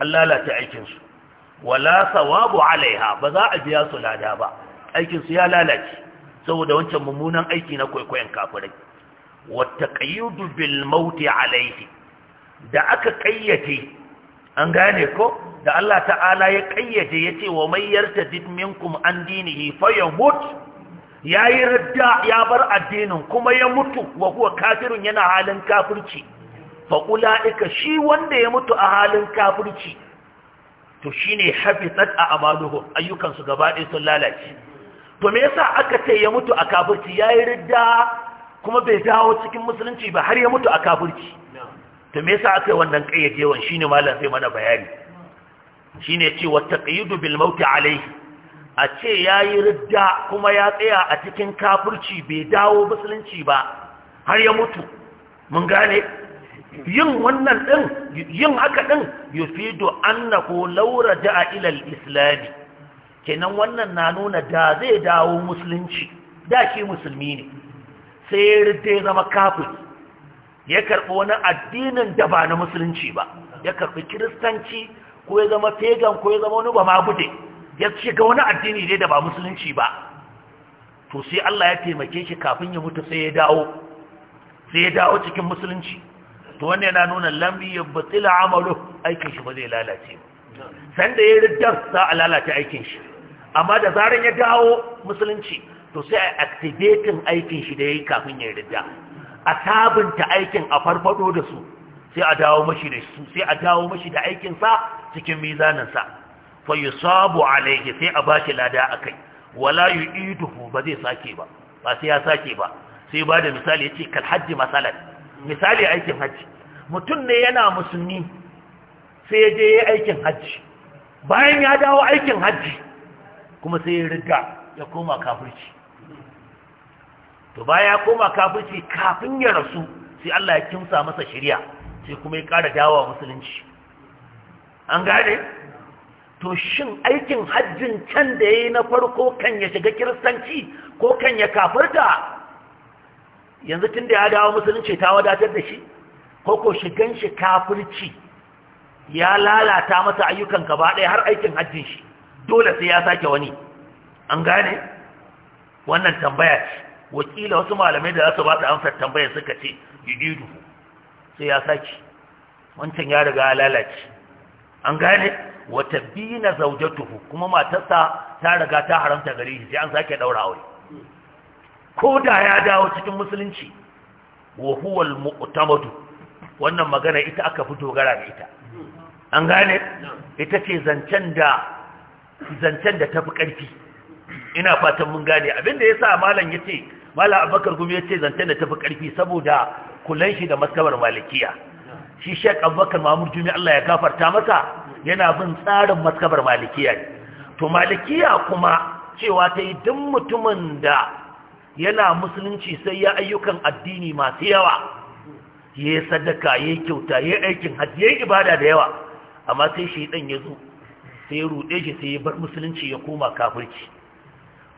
an lalata aikinsu wala sawabu alaiha ba za a biya su lada ba aikinsu ya lalace saboda wancan mummunan aiki na kwaikwayon kafirai wata ƙayyudu bil a alaihi da aka ƙayyade, an gane ko da Allah ta'ala ya ƙayyade ya ce wa mayyarta yarta minkum an dinihi fa ya mut, ya yi radda ya bar addinin kuma ya mutu wa kuwa kafirun yana halin kafirci fa ula'ika shi wanda ya mutu a halin kafirci to shine habitat a amaluhu ayyukansu gaba ɗaya sun lalace to me yasa aka ce ya mutu a kafirci ya yi radda kuma bai dawo cikin musulunci ba har ya mutu a kafurci. to me yasa aka yi wannan kayyadewan shine malam sai mana bayani shine ce wa taqyidu bil maut alayhi a ce yayi ridda kuma ya tsaya a cikin kafirci bai dawo musulunci ba har ya mutu mun gane yin wannan din yin haka din yufidu annahu law raja'a ila al-islam kenan wannan na nuna da zai dawo musulunci da shi musulmi ne sai ya rute zama kafin ya karɓi wani addinin da ba na musulunci ba ya karɓi kiristanci ko ya zama fegan ko ya zama wani ba magude ya shiga wani addini ne da ba musulunci ba to sai Allah ya taimake shi kafin ya mutu sai ya dawo sai ya dawo cikin musulunci to wannan yana nuna lambi ya batila amalu aikin shi ba zai lalace ba Sanda ya riddar za a lalata aikin shi amma da zaran ya dawo musulunci to sai a activating aikin shi da yayi kafin ya rida a sabunta aikin a farfado da su sai a dawo mashi da su sai a dawo mashi da aikin sa cikin mizanin sa fa yusabu alayhi sai a bashi lada akai wala yu'iduhu ba zai sake ba ba sai ya sake ba sai ba da misali yace kal hajji masalan misali aikin hajji mutum ne yana musulmi sai ya je ya aikin hajji bayan ya dawo aikin hajji kuma sai ya riga ya koma kafirci to baya koma kafirci kafin ya rasu sai Allah ya kimsa masa shari'a sai kuma ya ƙara dawowa musulunci an gane to shin aikin hajjin can da yayi na farko kan ya shiga kiristanci ko kan ya kafirta yanzu tun da ya dawo musulunci ta wadatar da shi ko ko shigan shi kafirci ya lalata masa ayyukan gaba ɗaya har aikin hajjin shi dole sai ya sake wani an gane wannan tambaya ce wakila wasu malamai da za su ba su amsar tambayar suka ce yudidu sai ya saki wancan ya riga lalace an gane wata bina zaujatuhu kuma matarsa ta riga ta haramta gari, sai an sake daura aure ko da ya dawo cikin musulunci wa huwa wannan magana ita aka fi dogara da ita an gane ita ce zancen da zancen da tafi karfi ina fatan mun gane abinda yasa malam yace mala abubakar gumi ya ce zancen da fi ƙarfi saboda kulan shi da maskabar malikiya shi shek abubakar mamur jumi allah ya kafarta masa yana bin tsarin maskabar malikiya ne to malikiya kuma cewa ta yi duk mutumin da yana musulunci sai ya ayyukan addini masu yawa ya yi sadaka ya yi kyauta ya yi aikin hajji ya yi ibada da yawa amma sai shi ɗan ya zo sai ya ruɗe shi sai ya bar musulunci ya koma kafirci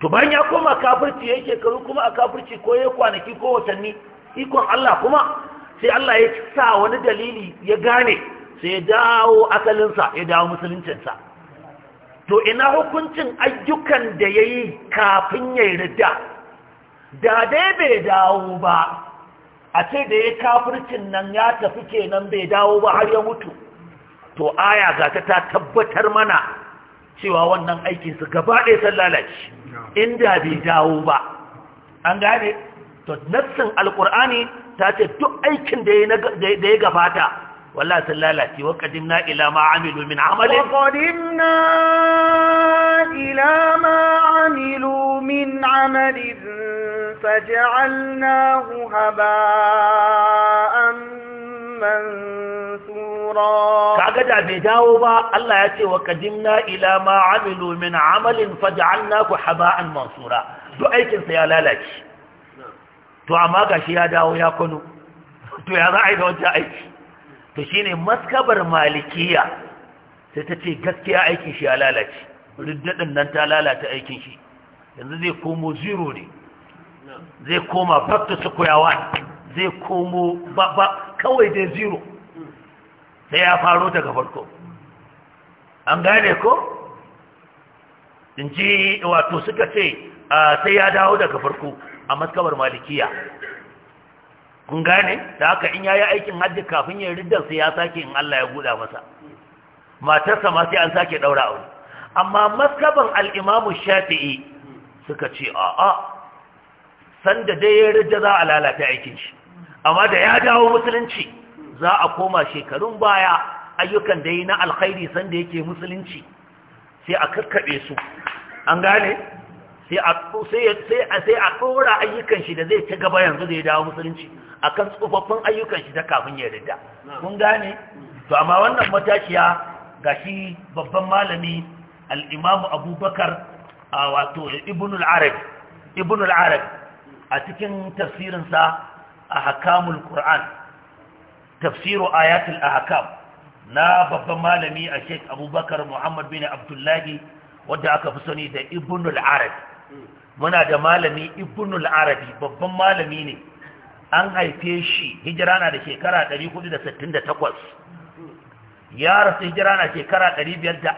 to bayan ya koma kafirci ya yi shekaru kuma a kafirci ko ya kwanaki ko watanni ikon Allah kuma sai Allah ya sa wani dalili ya gane sai ya dawo asalinsa ya dawo musuluncinsa to ina hukuncin ayyukan da ya yi kafin ya rida da dai bai dawo ba a ce da ya kafircin nan ya tafi kenan bai dawo ba har ya mutu to aya ga ta tabbatar mana cewa wannan aikinsu gaba ɗaya sun lalace inda bai dawo ba an gane to nassin alkur'ani ta ce duk aikin da ya gabata Wala سلالتي وقدمنا إلى ما عملوا من عمل وقدمنا إلى mansura kaga da bai dawo ba Allah ya ce wa kadimna ila ma amilu min amalin ku haba'an mansura to aikin sa ya lalace to amma gashi ya dawo ya kunu to ya za a yi da wancan aiki to shine maskabar malikiya sai ta ce gaskiya aikin shi ya lalace riddadin nan ta lalata aikin shi yanzu zai komo zero ne zai koma back to square one zai komo ba kawai dai zero sai ya faro daga farko an gane ko in ji wato suka ce sai ya dawo daga farko a maskabar malikiya kun gane da haka in ya yi aikin hajji kafin ya riddar sai ya sake in Allah ya guda masa matarsa ma sai an sake daura wani amma maskabar al'imamu Shafi'i suka ce a'a sanda dai ya rijja za a lalata aikin shi amma da ya dawo musulunci za a koma shekarun baya ayyukan da yi na alkhairi sanda yake musulunci sai a karkaɓe su an gane sai a tsora ayyukan shi da zai ci gaba yanzu da ya dawo musulunci kan tsofaffin ayyukan shi ta kafin ya rida kun gane to amma wannan matashiya ga shi babban malami al'imamu abubakar a wato ibn ibn al'arab a cikin tafsirinsa ahkamul qur'an tafsiru ayatul ahkam na babban malami a Sheikh Abubakar Muhammad bin Abdullahi wanda aka fi sani da Ibnul Arabi muna da malami Ibnul Arabi babban malami ne an haife shi hijira na da shekara 468 ya rasu hijira na shekara 543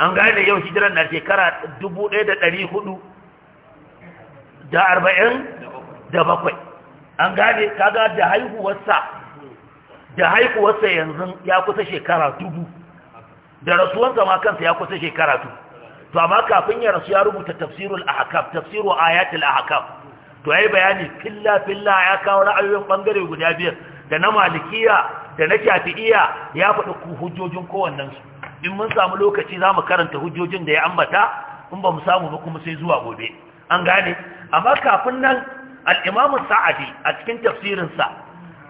an gane da yau hijira na shekara 1400 da arba'in da bakwai an gane kaga da haihuwarsa da haihuwarsa yanzu ya kusa shekara dubu da rasuwansa ma kansa ya kusa shekara dubu to amma kafin ya rasu ya rubuta tafsirul ahkam tafsiru ayatul ahkam to yayi bayani filla filla ya kawo ra'ayoyin bangare guda biyar da na malikiya da na shafi'iya ya faɗi ku hujjojin kowannen su in mun samu lokaci za mu karanta hujjojin da ya ambata in ba mu samu ba kuma sai zuwa gobe an gane amma kafin nan al sa'adi a cikin tafsirin sa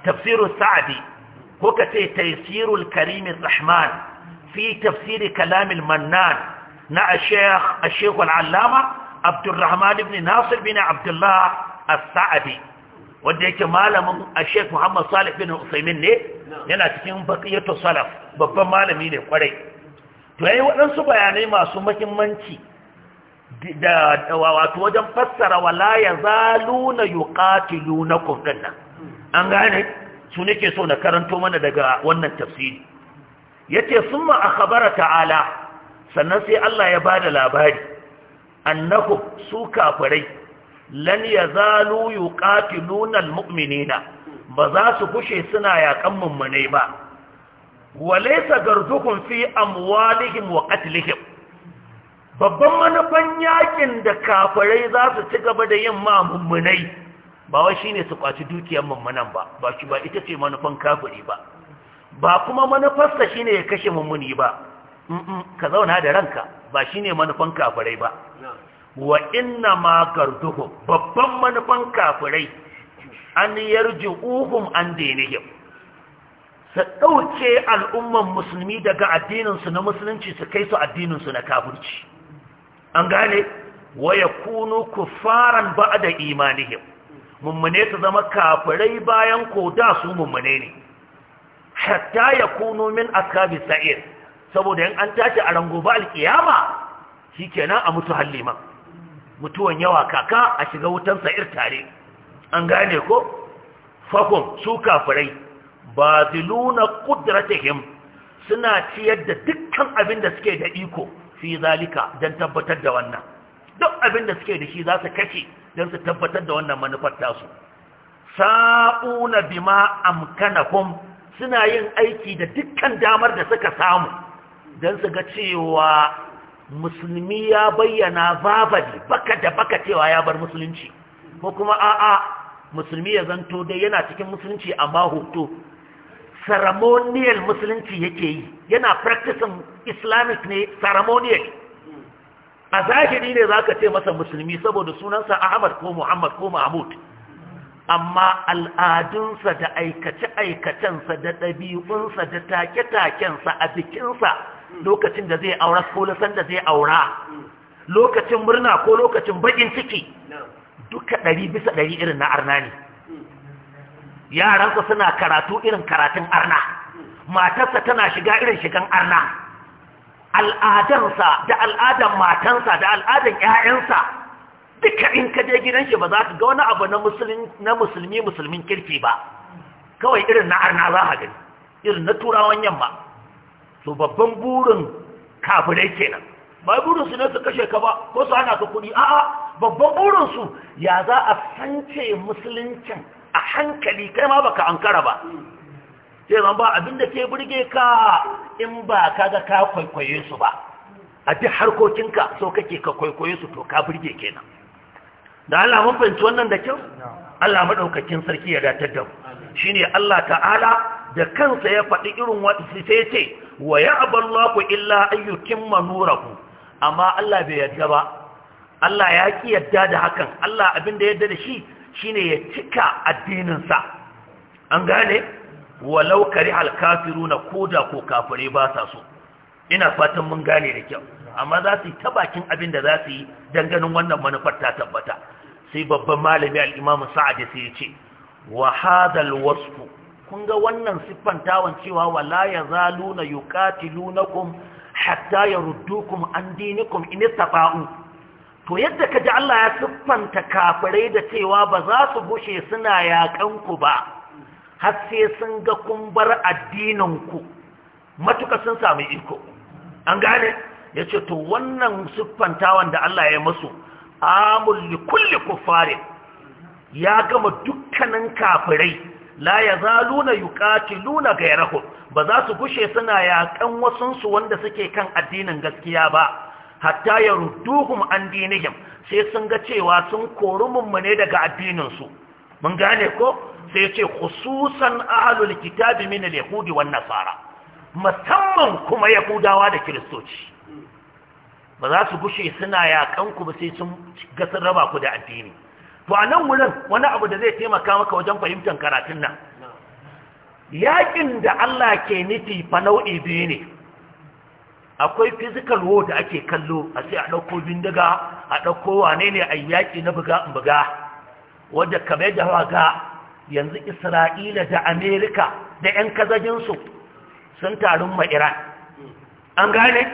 tafsiru sa'adi ko kace taysirul karim rahman fi tafsiri kalamin al-mannan na al-sheikh allama abdurrahman ibn nasir bin abdullah saadi wanda yake malamin a sheikh muhammad Salif bin usaimin ne yana cikin baqiyatu salaf babban malami ne kwarai to yayi waɗansu bayanai masu muhimmanci da wato wajen fassara wala ya zalu na zaluna yuqatilunakum kufɗanna an gane su nake so na karanto mana daga wannan tafsiri yace a akhbara ta'ala sannan sai Allah ya ba da labari annahu su kafirai lan ya zalu yazalu yuqatiluna mu'minina ba za su kushe suna yakan mummune ba sa garzukun fi amwalihim wa qatlihim babban manufan yakin da kafirai za su ci gaba da yin ma mummunai ba wai shine su kwaci dukiyar mummunan ba ba shi ba ita ce manufan kafiri ba ba kuma sa shine ya kashe mummuni ba ka zauna da ranka ba shine manufan kafirai ba wa inna ma garduhu babban manufan kafirai an yarjuuhum an dinihim su ɗauke al'umman musulmi daga addininsu na musulunci su kai su addinin su na kafirci an gane wa yakunu kuffaran da imanihim mummune su zama kafirai bayan ko da su mummune ne hatta kunu min ashabi sa'ir saboda in an tashi a rangoba alkiyama shikenan a mutu halliman mutuwan yawa kaka a shiga wutan sa'ir tare an gane ko fakum su kafirai baziluna qudratihim suna ciyar da dukkan abin da suke da iko fi zalika don tabbatar da wannan duk abin da suke da shi za su kashe don su tabbatar da wannan manufar tasu sa'una bima amkanakum suna yin aiki da dukkan damar da suka samu don su ga cewa musulmi ya bayyana babali baka da baka cewa ya bar musulunci ko kuma a'a musulmi ya zanto dai yana cikin musulunci amma hoto ceremonial musulunci yake yi yana practicing islamic ne ceremonial a zahiri ne za ka ce masa musulmi saboda sunansa ahmad ko muhammad ko mahmud amma al'adunsa da aikace-aikacensa da ɗabi'unsa da take-takensa a bikinsa lokacin da zai aura ko lasan da zai aura lokacin murna ko lokacin bakin ciki duka ɗari bisa ɗari irin na arna ne Yaransa suna karatu irin karatun arna matarsa tana shiga irin shigan arna al'adarsa da al'adar matansa da al'adar 'ya'yansa duka in ka je gidan shi ba za ka ga wani abu na musulmi musulmin kirki ba kawai irin na arna za ka gani irin na turawan yamma su babban burin kafirai kenan ba su ne su kashe ka ba ko su hana ka kuɗi a'a babban burinsu ya za a sance musuluncin a hankali kai ma baka ankara ba sai zan ba abinda ke burge ka in ba ka ga ka kwaikwaye su ba a duk harkokinka so kake ka kwaikwaye su to ka burge kenan da Allah mun fahimci wannan da kyau Allah madaukakin sarki ya datar da mu shine Allah ta'ala da kansa ya faɗi irin wata sai ce wa ya'ballahu illa ayyukimma nurahu amma Allah bai yarda ba Allah ya ki yarda da hakan Allah abin da yarda da shi shine ya cika addininsa an gane walau kari alkafiru na koda ko kafare ba sa so ina fatan mun gane da kyau amma za su yi ta bakin abin da za su yi don ganin wannan manufar ta tabbata sai babban malami al'imamu sa'ad sai ya ce Wahadal hadal kun ga wannan siffantawan cewa wala ya zalu na yuqatilunakum hatta yaruddukum an dinikum in istata'u to yadda ka ji Allah ya siffanta kafirai da cewa ba za su bushe suna yaƙanku ba har sai sun ga kumbar bar addininku matuka sun sami iko an gane ya ce to wannan siffantawan da Allah ya masu amulli kulli kufarin ya gama dukkanin kafirai la ya zaluna yuqatiluna gairahum ba za su gushe suna yaƙan wasunsu wanda suke kan addinin gaskiya ba hatta ya rutuhum an dinihim sai sun ga cewa sun kori mummune daga addininsu mun gane ko sai ce khususan ahlul kitabi min al-yahudi wan nasara musamman kuma yahudawa da kiristoci ba za su gushe suna yakan ku ba sai sun ga sun raba ku da addini to a nan wurin wani abu da zai taimaka maka wajen fahimtar karatun nan yakin da Allah ke nufi fa nau'i biyu ne akwai physical war da ake kallo a sai a ɗauko bindiga a ɗauko wane ne a yaƙi na buga in buga wadda kabe da ga yanzu isra'ila da amerika da 'yan kazajinsu sun tarun ma iran an gane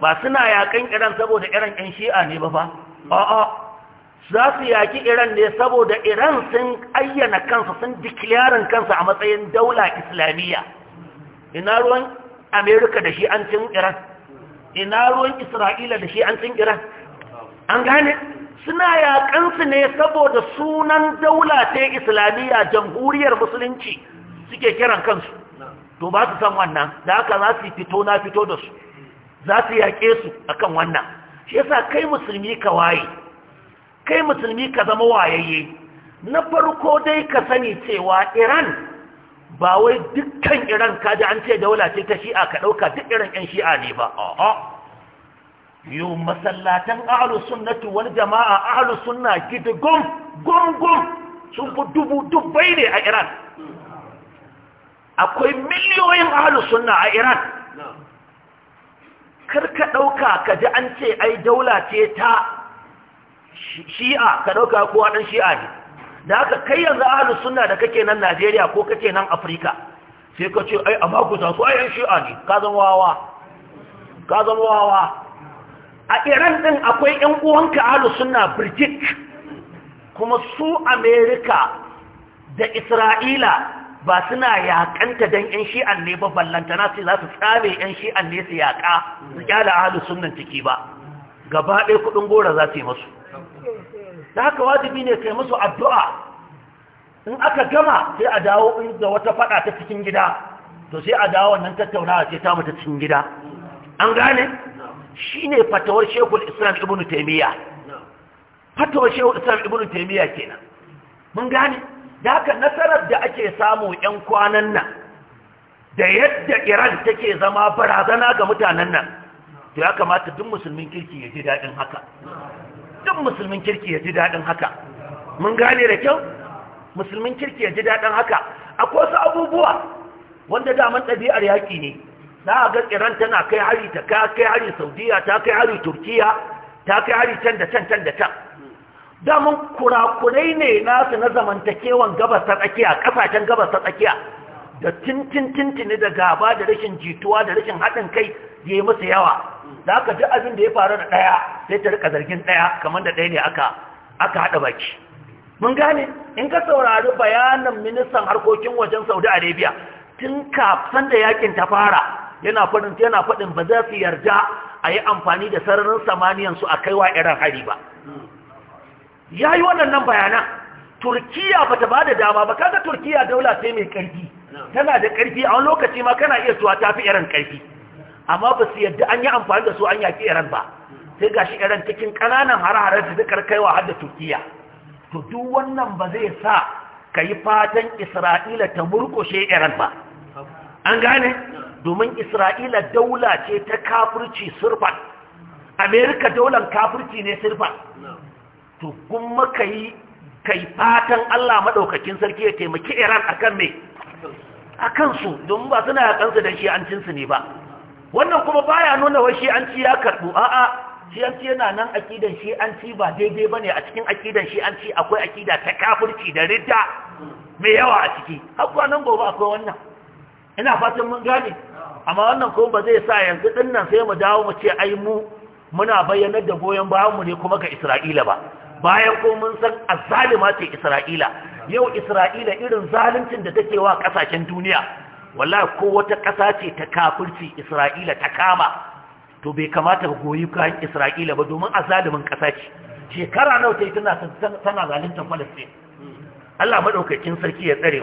ba suna yaƙin iran saboda iran 'yan shi'a ne ba ba a'a za su yaƙi iran ne saboda iran sun ayyana kansa sun dikilarin kansa a matsayin daula islamiyya ina ruwan amerika da shi an cin iran ina ruwan isra'ila da shi an cin iran an gane suna yaƙansu ne saboda sunan daula ta islamiyya jamhuriyar musulunci suke kiran kansu to ba su san wannan da haka za su fito na fito da su za su yaƙe su akan wannan shi yasa kai musulmi ka waye kai musulmi ka zama wayayye na farko dai ka sani cewa iran ba wai dukkan iran kaji an ce daula ce ta shi'a ka ɗauka duk iran ƴan shi'a ne ba a'a yau masallatan ahlus sunnatu wani jama'a ahlus sunna gidi gum gum gum sun fi dubu dubbai ne a iran akwai miliyoyin ahlus sunna a iran kar ka ɗauka ka ji an ce ai daula ce ta shi'a ka ɗauka kuwa ɗan shi'a ne da haka kai yanzu ahlus sunna da kake nan Najeriya ko kake nan Afrika sai ka ce ai amma ku tasu ai shi'a ne ka zama wawa ka zama wawa a Iran din akwai ƴan uwanka ahlus sunna British kuma su America da Isra'ila ba suna yaƙanta dan yan shi'an ne ba na sai za su tsame yan shi'an ne su yaƙa su kyala ahlus sunna ciki ba gaba ɗaya kuɗin gora za su yi masu da haka wajibi ne kai musu addu'a in aka gama sai a dawo in da wata faɗa ta cikin gida to sai a dawo wannan tattaunawa sai ta mata cikin gida an gane shine fatawar shekul islam ibn taymiya fatawar shekul islam ibn taymiya kenan mun gane da haka nasarar da ake samu yan kwanan nan da yadda iran take zama barazana ga mutanen nan to ya kamata duk musulmin kirki ya ji daɗin haka duk musulmin kirki ya ji daɗin haka mun gane da kyau musulmin kirki ya ji daɗin haka A wasu abubuwa wanda daman ɗabi'ar yaƙi ne za a ga iran tana kai hari ta kai hari saudiya ta kai hari turkiya ta kai hari can da can can da can damun kurakurai ne nasu na zamantakewan gabas ta tsakiya ƙasashen gabas ta tsakiya da tintin tintini da gaba da rashin jituwa da rashin haɗin kai ya yi musu yawa da aka duk abin da ya faru da ɗaya sai ta rika zargin ɗaya kamar da ɗaya ne aka aka haɗa baki mun gane in ka saurari bayanan ministan harkokin wajen saudi arabia tun kafin da yakin ta fara yana faɗin yana faɗin ba za su yarda a yi amfani da sararin samaniyan su a kaiwa iran hari ba ya yi waɗannan bayanan turkiya ba ta bada dama ba kaga turkiya daula sai mai ƙarfi tana da ƙarfi a wani lokaci ma kana iya tuwa ta fi irin ƙarfi amma ba su yadda an yi amfani da su an yaƙi iran ba sai ga shi iran cikin ƙananan har hare da zai kaiwa har da turkiya to duk wannan ba zai sa ka yi fatan isra'ila ta murkushe iran ba an gane domin isra'ila daula ce ta kafirci sirfan amerika daular kafirci ne sirfan to kuma ka yi kai fatan allah maɗaukakin sarki ya taimaki iran akan me a kansu domin ba suna yaƙansu da shi an cinsu ne ba wannan kuma baya nuna wa ci ya karɓu a'a ci yana nan akidan ci ba daidai bane a cikin akidan ci akwai akida ta kafirci da ridda mai yawa a ciki har nan gobe akwai wannan ina fatan mun gane amma wannan kuma ba zai sa yanzu dinnan sai mu dawo mu ce ai mu muna bayyanar da goyon bayan mu ne kuma ga Isra'ila ba bayan ko mun san azzalima ce Isra'ila yau Isra'ila irin zaluncin da take wa kasashen duniya wallahi ko wata ƙasa ce ta kafirci isra'ila ta kama to bai kamata ka goyi kayan isra'ila ba domin a zalimin ƙasa ce shekara nawa ta yi tana zaluntar falastin allah maɗaukakin sarki ya tsare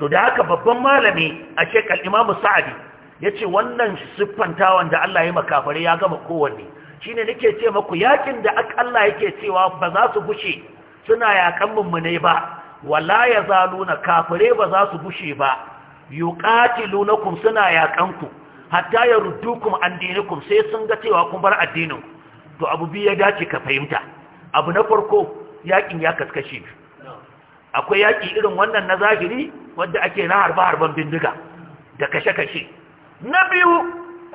to da haka babban malami a shekar imamu sa'adi ya ce wannan siffantawan da allah ya makafare ya gama kowanne shine nake ce maku yakin da allah yake cewa ba za su gushe suna yakan mummune ba wala ya zaluna kafare ba za su gushe ba yuqatilunakum suna yaƙan ku. hatta yaruddukum an dinikum sai sun ga cewa kun bar addinin to abu biyu ya dace ka fahimta abu na farko yakin ya kaskashe akwai yaki irin wannan na zahiri wanda ake na harba harban bindiga da kashe kashe na biyu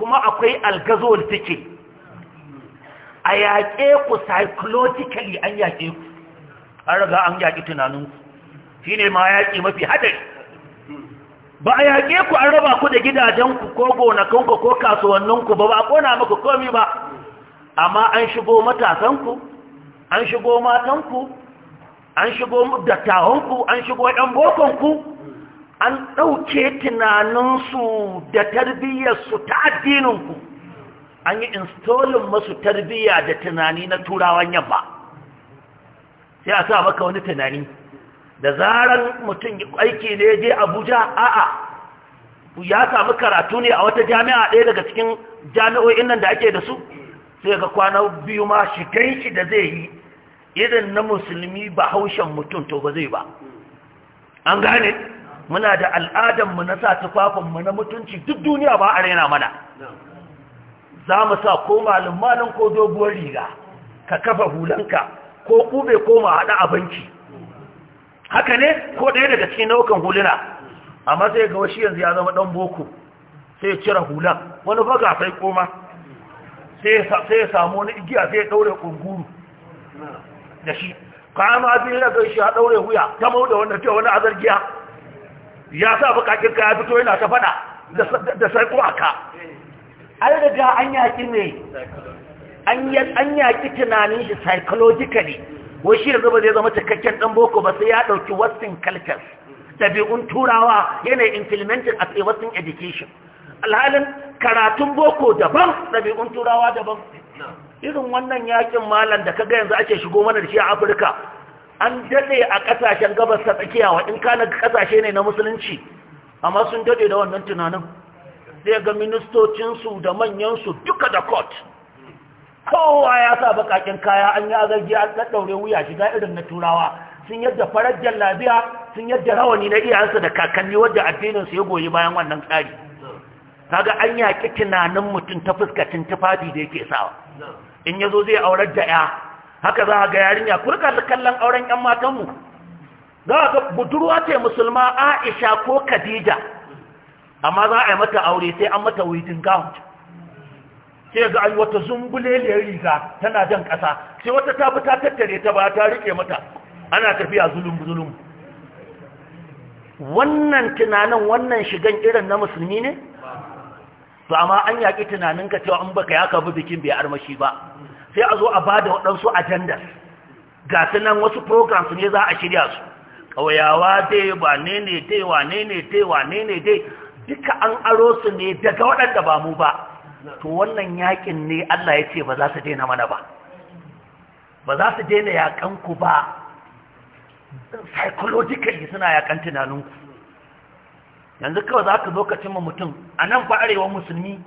kuma akwai algazol take a yaƙe ku psychologically an yaƙe ku an riga an yaƙi tunaninku shine ma yaƙi mafi hadari ba a yaƙe ku an raba ku da gidajenku ko gonakanku ko kasuwanninku ba ba a ƙona muku komi ba amma an shigo matasanku an shigo matanku an shigo dattawanku, an shigo ‘yan bokonku an ɗauke tunaninsu da tarbiyyarsu ta addininku an yi installin masu tarbiyya da tunani na turawan yamma sai a sa maka wani tunani da zaran mutum aiki ne je abuja a'a ya samu karatu ne a wata jami'a ɗaya daga cikin jami'o'in nan da ake da su sai ga kwana biyu ma shigan shi da zai yi idan na musulmi ba haushen mutum to ba zai ba an gane muna da al'adanmu na sa tufafinmu na mutunci duk duniya ba a raina mana za mu sa ko malin malin ko doguwar riga ka kafa hulanka ko kube ko ma haɗa abinci haka ne ko ɗaya daga cikin nau'ukan huluna amma sai ga washi yanzu ya zama ɗan boko sai ya cire hulan wani faga sai koma sai ya samu wani igiya sai ya ɗaure ƙunguru da shi kama abin yana gaishe ya ɗaure wuya ta mau da wanda cewa wani azargiya ya sa bukakin ka ya fito yana ta faɗa da sarko a ka an riga an yaƙi ne an yaƙi tunanin shi psychologically wai shi yanzu ba zai zama cikakken dan boko ba sai ya ɗauki western cultures dabi'un turawa yana implementing as a western education alhalin karatun boko daban dabi'un turawa daban irin wannan yakin malam da kaga yanzu ake shigo mana da shi a Afirka an dade a kasashen gabas ta tsakiya wa in kana kasashe ne na musulunci amma sun dade da wannan tunanin sai ga ministocinsu da manyansu duka da court kowa ya sa bakakin kaya an yi agarji an ɗaɗɗaure wuya shiga irin na turawa sun yadda farar jallabiya sun yadda rawani na iyayensu da kakanni wadda addininsu ya goyi bayan wannan tsari kaga an yaƙi tunanin mutum ta fuskacin tufafi da yake sawa in ya zo zai aurar da ya haka za a ga yarinya kurka kallon auren 'yan matanmu za ga budurwa ce musulma aisha ko khadija amma za a yi mata aure sai an mata witin gawun sai ga ai wata zumbuleliyar riga tana jan ƙasa sai wata ta fi ta tattare ta ba ta rike mata ana tafiya zulum zulum wannan tunanin wannan shigan irin na musulmi ne to amma an yaƙi ka cewa in baka ya bi bikin bai armashi ba sai a zo a bada da waɗansu agenda ga sunan wasu programs ne za a shirya su ƙauyawa dai ba ne dai wa ne ne dai ne ne dai duka an aro su ne daga waɗanda ba mu ba to wannan yakin ne Allah ya ce ba za su daina mana ba ba za su daina yakan ku ba psychologically suna yakan tunaninku yanzu kawai za ka zo ka cimma mutum a nan fa arewa musulmi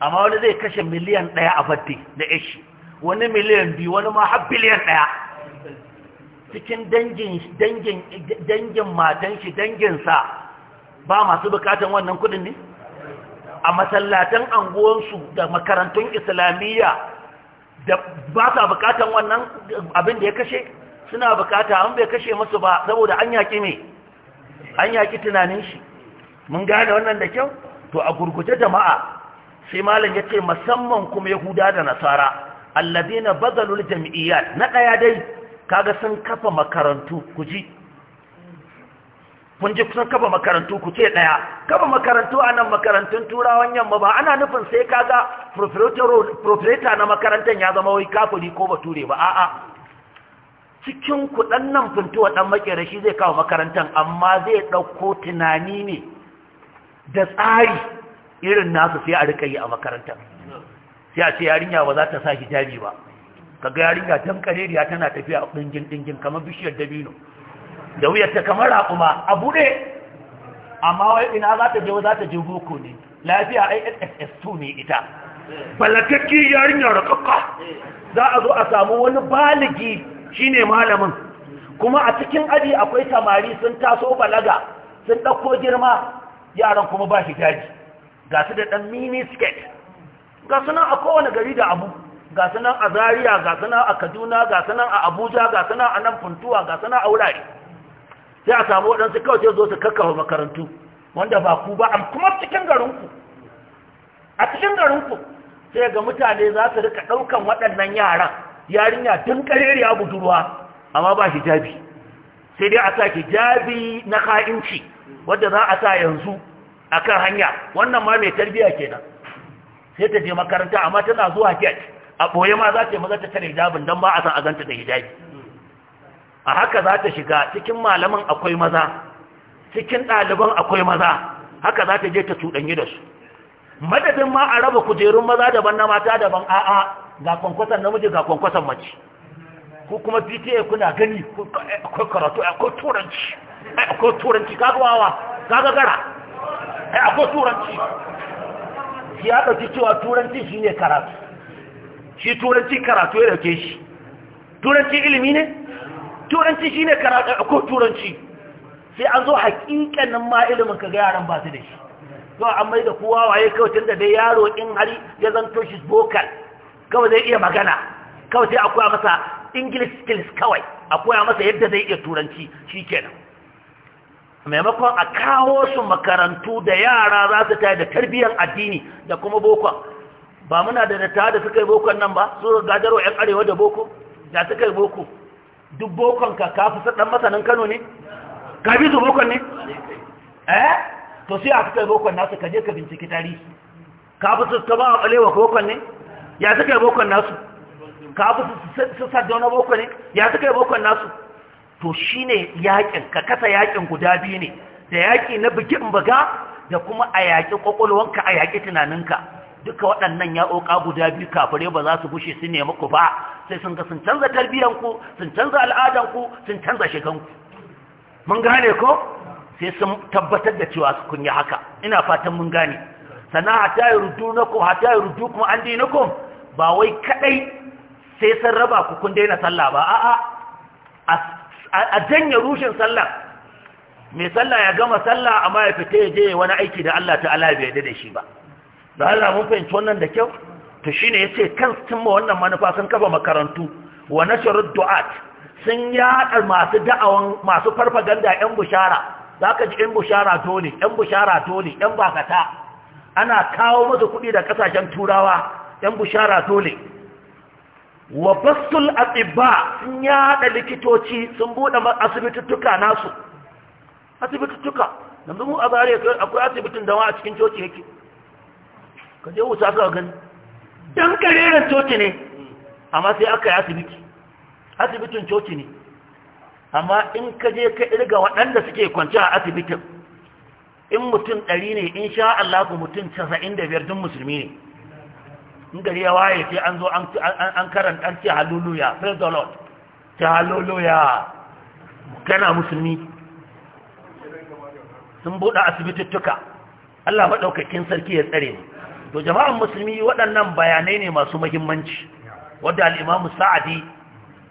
amma wani zai kashe miliyan ɗaya a badde da ishi wani miliyan biyu wani ma har biliyan ɗaya cikin dangin dangin dangin matan shi danginsa ba masu bukatan wannan kudin ne a masallatan anguwansu da makarantun islamiyya da ba sa bukatan wannan abin da ya kashe suna bukata an bai kashe musu ba saboda an yaki me an yaki tunanin shi mun gane wannan da kyau to a gurguje jama'a sai malam ya ce musamman kuma yahuda da nasara allazina bazalul jami'iyat na daya dai kaga sun kafa makarantu kuji kun ji kusan kafa makarantu ku ce ɗaya kafa makarantu a nan makarantun turawan yamma ba ana nufin sai ka ga profeta na makarantar ya zama wai kafuri ko ba ture ba a'a cikin kuɗan nan funtuwa ɗan makera shi zai kawo makarantar amma zai ɗauko tunani ne da tsari irin nasu sai a rika yi a makarantar sai a ce yarinya ba za ta sa hijabi ba kaga yarinya tamkareriya tana tafiya a ɗingin ɗingin kamar bishiyar dabino da wuyar ta kamar raƙuma a buɗe amma wai ina za ta je za ta je boko ne lafiya ISS2 ne ita balakakki yarinya raƙaƙa za a zo a samu wani baligi shine malamin kuma a cikin aji akwai samari sun taso balaga sun ɗauko girma yaran kuma ba shi daji ga su da ɗan mini skirt ga su nan a kowane gari da abu ga su nan a Zariya, ga su nan a kaduna ga su nan a abuja ga su nan a nan funtuwa ga su nan a wurare sai a samu waɗansu kawai sai zo su kakkafa makarantu wanda ba ku ba kuma cikin garinku a cikin garinku sai ga mutane za su rika ɗaukan waɗannan yaran yarinya tun a budurwa amma ba hijabi sai dai a sa hijabi na ka'inci wadda za a sa yanzu a kan hanya wannan ma mai tarbiya kenan sai ta je makaranta amma tana zuwa get a ɓoye ma za ta yi maza ta cire hijabin don ba a san a zanta da hijabi a haka za ta shiga cikin malaman akwai maza cikin ɗaliban akwai maza haka za ta je ta cuɗanyi da su madadin ma a raba kujerun maza daban na mata daban a'a ga kwankwason namiji ga kwankwason mace ko kuma pta kuna gani akwai karatu akwai turanci akwai turanci kagawawa kagagara akwai turanci shi ya ɗauki cewa turanci shi ne karatu shi turanci karatu ya ɗauke shi turanci ilimi ne turanci shine karatu ko turanci sai an zo hakikanin ma ilimin ka ga yaran ba su da shi to an mai da kowa waye kawai tun da dai yaro in hari ya zanto shi vocal kawai zai iya magana kawai sai akwai masa english skills kawai akwai masa yadda zai iya turanci shi kenan, maimakon a kawo su makarantu da yara za su tayi da tarbiyyar addini da kuma boko ba muna da ta da suka yi bokon nan ba su gadarwa yan arewa da boko da suka yi boko duk bokonka ka fi ɗan masanin kano ne ka bi su bokon ne eh to sai a suka yi bokon nasu ka je ka binciki tarihi ka fi su ta ba a ɓalewa bokon ne ya suka yi bokon nasu ka fi su saddauna bokon ne ya suka yi bokon nasu to shi ne yaƙin ka kasa yaƙin guda biyu ne da yaƙi na bikin baga da kuma a yaƙi ƙwaƙwalwanka a yaƙi tunaninka duka waɗannan ya oka guda biyu kafare ba za su gushe su nemi ku ba sai sun ga sun canza tarbiyyanku sun canza al'adanku sun canza shiganku mun gane ko sai sun tabbatar da cewa su kun yi haka ina fatan mun gane sana hata yi rudu na ku hata yi rudu kuma an dina ku ba wai kaɗai sai sun raba ku kun daina sallah ba a'a a janye rushin sallah mai sallah ya gama sallah amma ya fita ya je wani aiki da Allah ta'ala bai yarda da shi ba da Allah mun fahimci wannan da kyau to shine yace kan sun wannan manufa sun kafa makarantu wa nashrud du'at sun yada masu da'awan masu farfaganda yan bushara zaka ji yan bushara dole yan bushara dole yan bakata ana kawo musu kuɗi da kasashen turawa yan bushara dole wa basul atibba sun yada likitoci sun bude asibituttuka nasu asibituttuka yanzu mu a akwai asibitin da wa a cikin coci yake ka je wuta aka gani dan kareren coci ne amma sai aka yi asibiti asibitin coci ne amma in ka je ka irga waɗanda suke kwanci a asibitin in mutum ɗari ne in sha Allah ku mutum casa'in da biyar dun musulmi ne in gari ya waye sai an zo an karanta an ce hallelujah praise the lord ce hallelujah kana musulmi sun buɗe asibitittuka Allah maɗaukakin sarki ya tsare mu to jama'an musulmi waɗannan bayanai ne masu muhimmanci wadda al'imamu sa'adi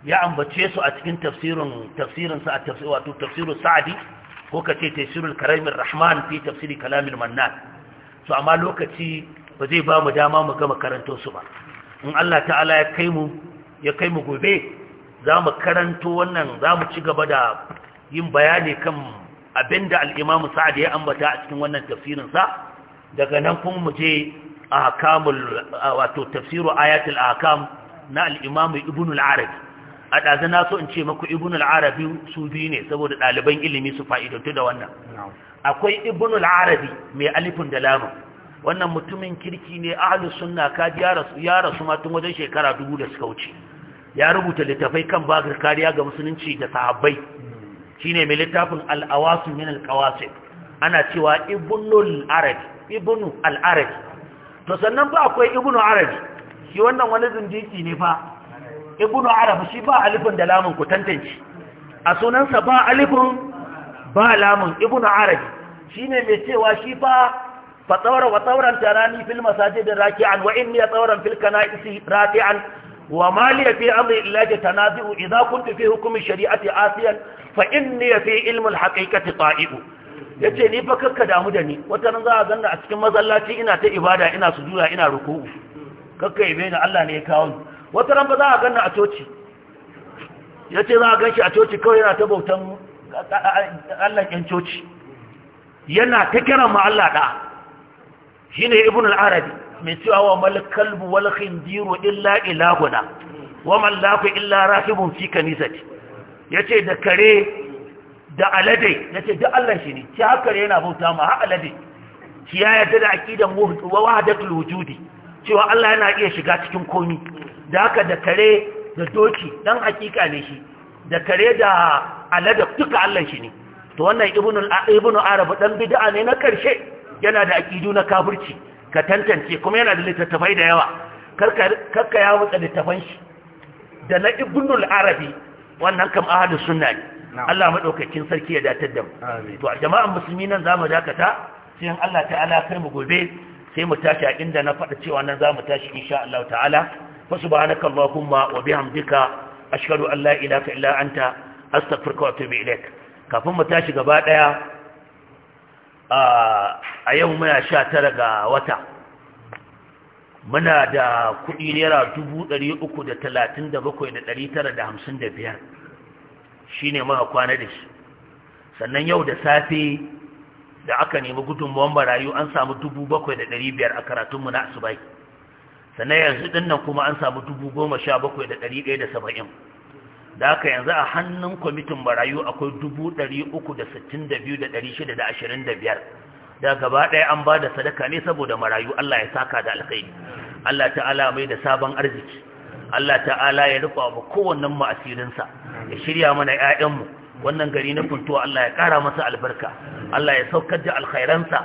ya ambace su a cikin tafsirin tafsirinsa a tafsir wato tafsirin sa'adi ko ka ce tafsirul karamin rahman fi tafsirin kalamin mannan su amma lokaci ba zai ba mu dama mu gama karanto su ba in Allah ta'ala ya kai mu ya kai mu gobe za mu karanto wannan za mu ci gaba da yin bayani kan abinda al'imamu sa'ad ya ambata a cikin wannan tafsirinsa daga nan kuma mu je ahkamul wato tafsiru ayatul ahkam na al-imam ibn al-arabi a so in ce maku ibn al-arabi su biyu ne saboda ɗaliban ilimi su fa'idantu da wannan akwai ibn al-arabi mai alifin da lamu wannan mutumin kirki ne ahlus sunna ka ya rasu ma tun wajen shekara dubu da suka wuce ya rubuta littafai kan bakar kariya ga musulunci da sahabbai shine mai littafin al-awasim min al ana cewa ibn al-arabi al-arabi to sannan ba akwai ibnu arabi shi wannan wani zindiki ne fa ibnu arabi shi ba alifin da lamun ku tantance a sunansa ba alifin ba lamun ibnu arabi shine mai cewa shi ba fatsawar wa tsauran tarani fil masajid raki'an wa inni tsauran fil kana'is raki'an wa mali fi amri illahi tanazi'u idza kuntu fi hukmi shari'ati asiyan fa inni fi ilmi al-haqiqati ta'ibu ya ce ni fa kakka damu da ni wata nan za a ganna a cikin masallaci ina ta ibada ina jura, ina ruku'u kakka yabe ni Allah ne ya kawo ni wata ran ba za a ganna a coci ya ce za a ganshi a coci kawai yana ta bautan Allah yan coci yana ta kiran ma Allah da shine ibn al-arabi mai cewa wa mal kalbu wal khindiru illa ilahuna wa man illa rahibun fi kanisati yace da kare da alade yace ce duk Allah shi ne shi haka yana bauta ma ha alade shi ya yarda da aqidan wahdatul wujudi cewa Allah yana iya shiga cikin komi da haka da kare da doki dan hakika ne shi da kare da alade duka Allah shi ne to wannan ibnu ibnu arab dan bid'a ne na karshe yana da aqidu na kafirci ka tantance kuma yana da littattafai da yawa karka karka ya wutsa littafan shi da na ibnu arabi wannan kam ahlus sunna ne Allah madaukakin sarki ya datar da mu to a jama'an musulmi nan zamu dakata sai Allah ta'ala kai mu gobe sai mu tashi a inda na faɗa cewa nan zamu tashi insha Allah ta'ala fa subhanaka allahumma wa bihamdika ashhadu an la ilaha illa anta astaghfiruka wa atubu ilaik kafin mu tashi gaba ɗaya, a yau muna tara ga wata muna da kuɗi naira dubu ɗari uku da talatin da bakwai da ɗari tara da hamsin da biyar shine muka kwana da shi sannan yau da safe da aka nemi gudunmuwan marayu an samu dubu bakwai da ɗari biyar a karatunmu na asibai sannan yanzu dinnan kuma an samu dubu goma sha bakwai da ɗari ɗaya da saba'in da aka yanzu a hannun kwamitin marayu akwai dubu ɗari uku da sittin da biyu da ɗari shida da ashirin da biyar da gaba ɗaya an ba da sadaka ne saboda marayu Allah ya saka da alkhairi Allah ta'ala mai da sabon arziki Allah ta'ala ya rufa wa kowannen mu asirinsa ya shirya mana ƴaƴan mu wannan gari na kuntuwa Allah ya ƙara masa albarka Allah ya saukar da alkhairansa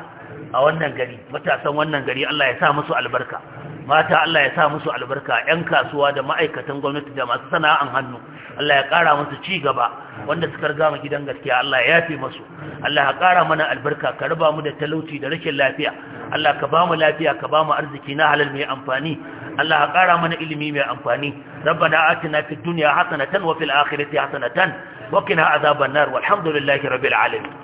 a wannan gari matasan wannan gari Allah ya sa musu albarka mata Allah ya sa musu albarka ƴan kasuwa da ma'aikatan gwamnati da masu sana'an hannu Allah ya ƙara musu ci gaba wanda suka riga mu gidan gaskiya Allah ya yafe musu Allah ya ƙara mana albarka ka raba mu da talauci da rashin lafiya Allah ka ba mu lafiya ka ba mu arziki na halal mai amfani Allah ya ƙara mana ilimi mai amfani rabbana atina fid dunya hasanatan wa fil akhirati hasanatan wa qina azaban nar walhamdulillahi rabbil alamin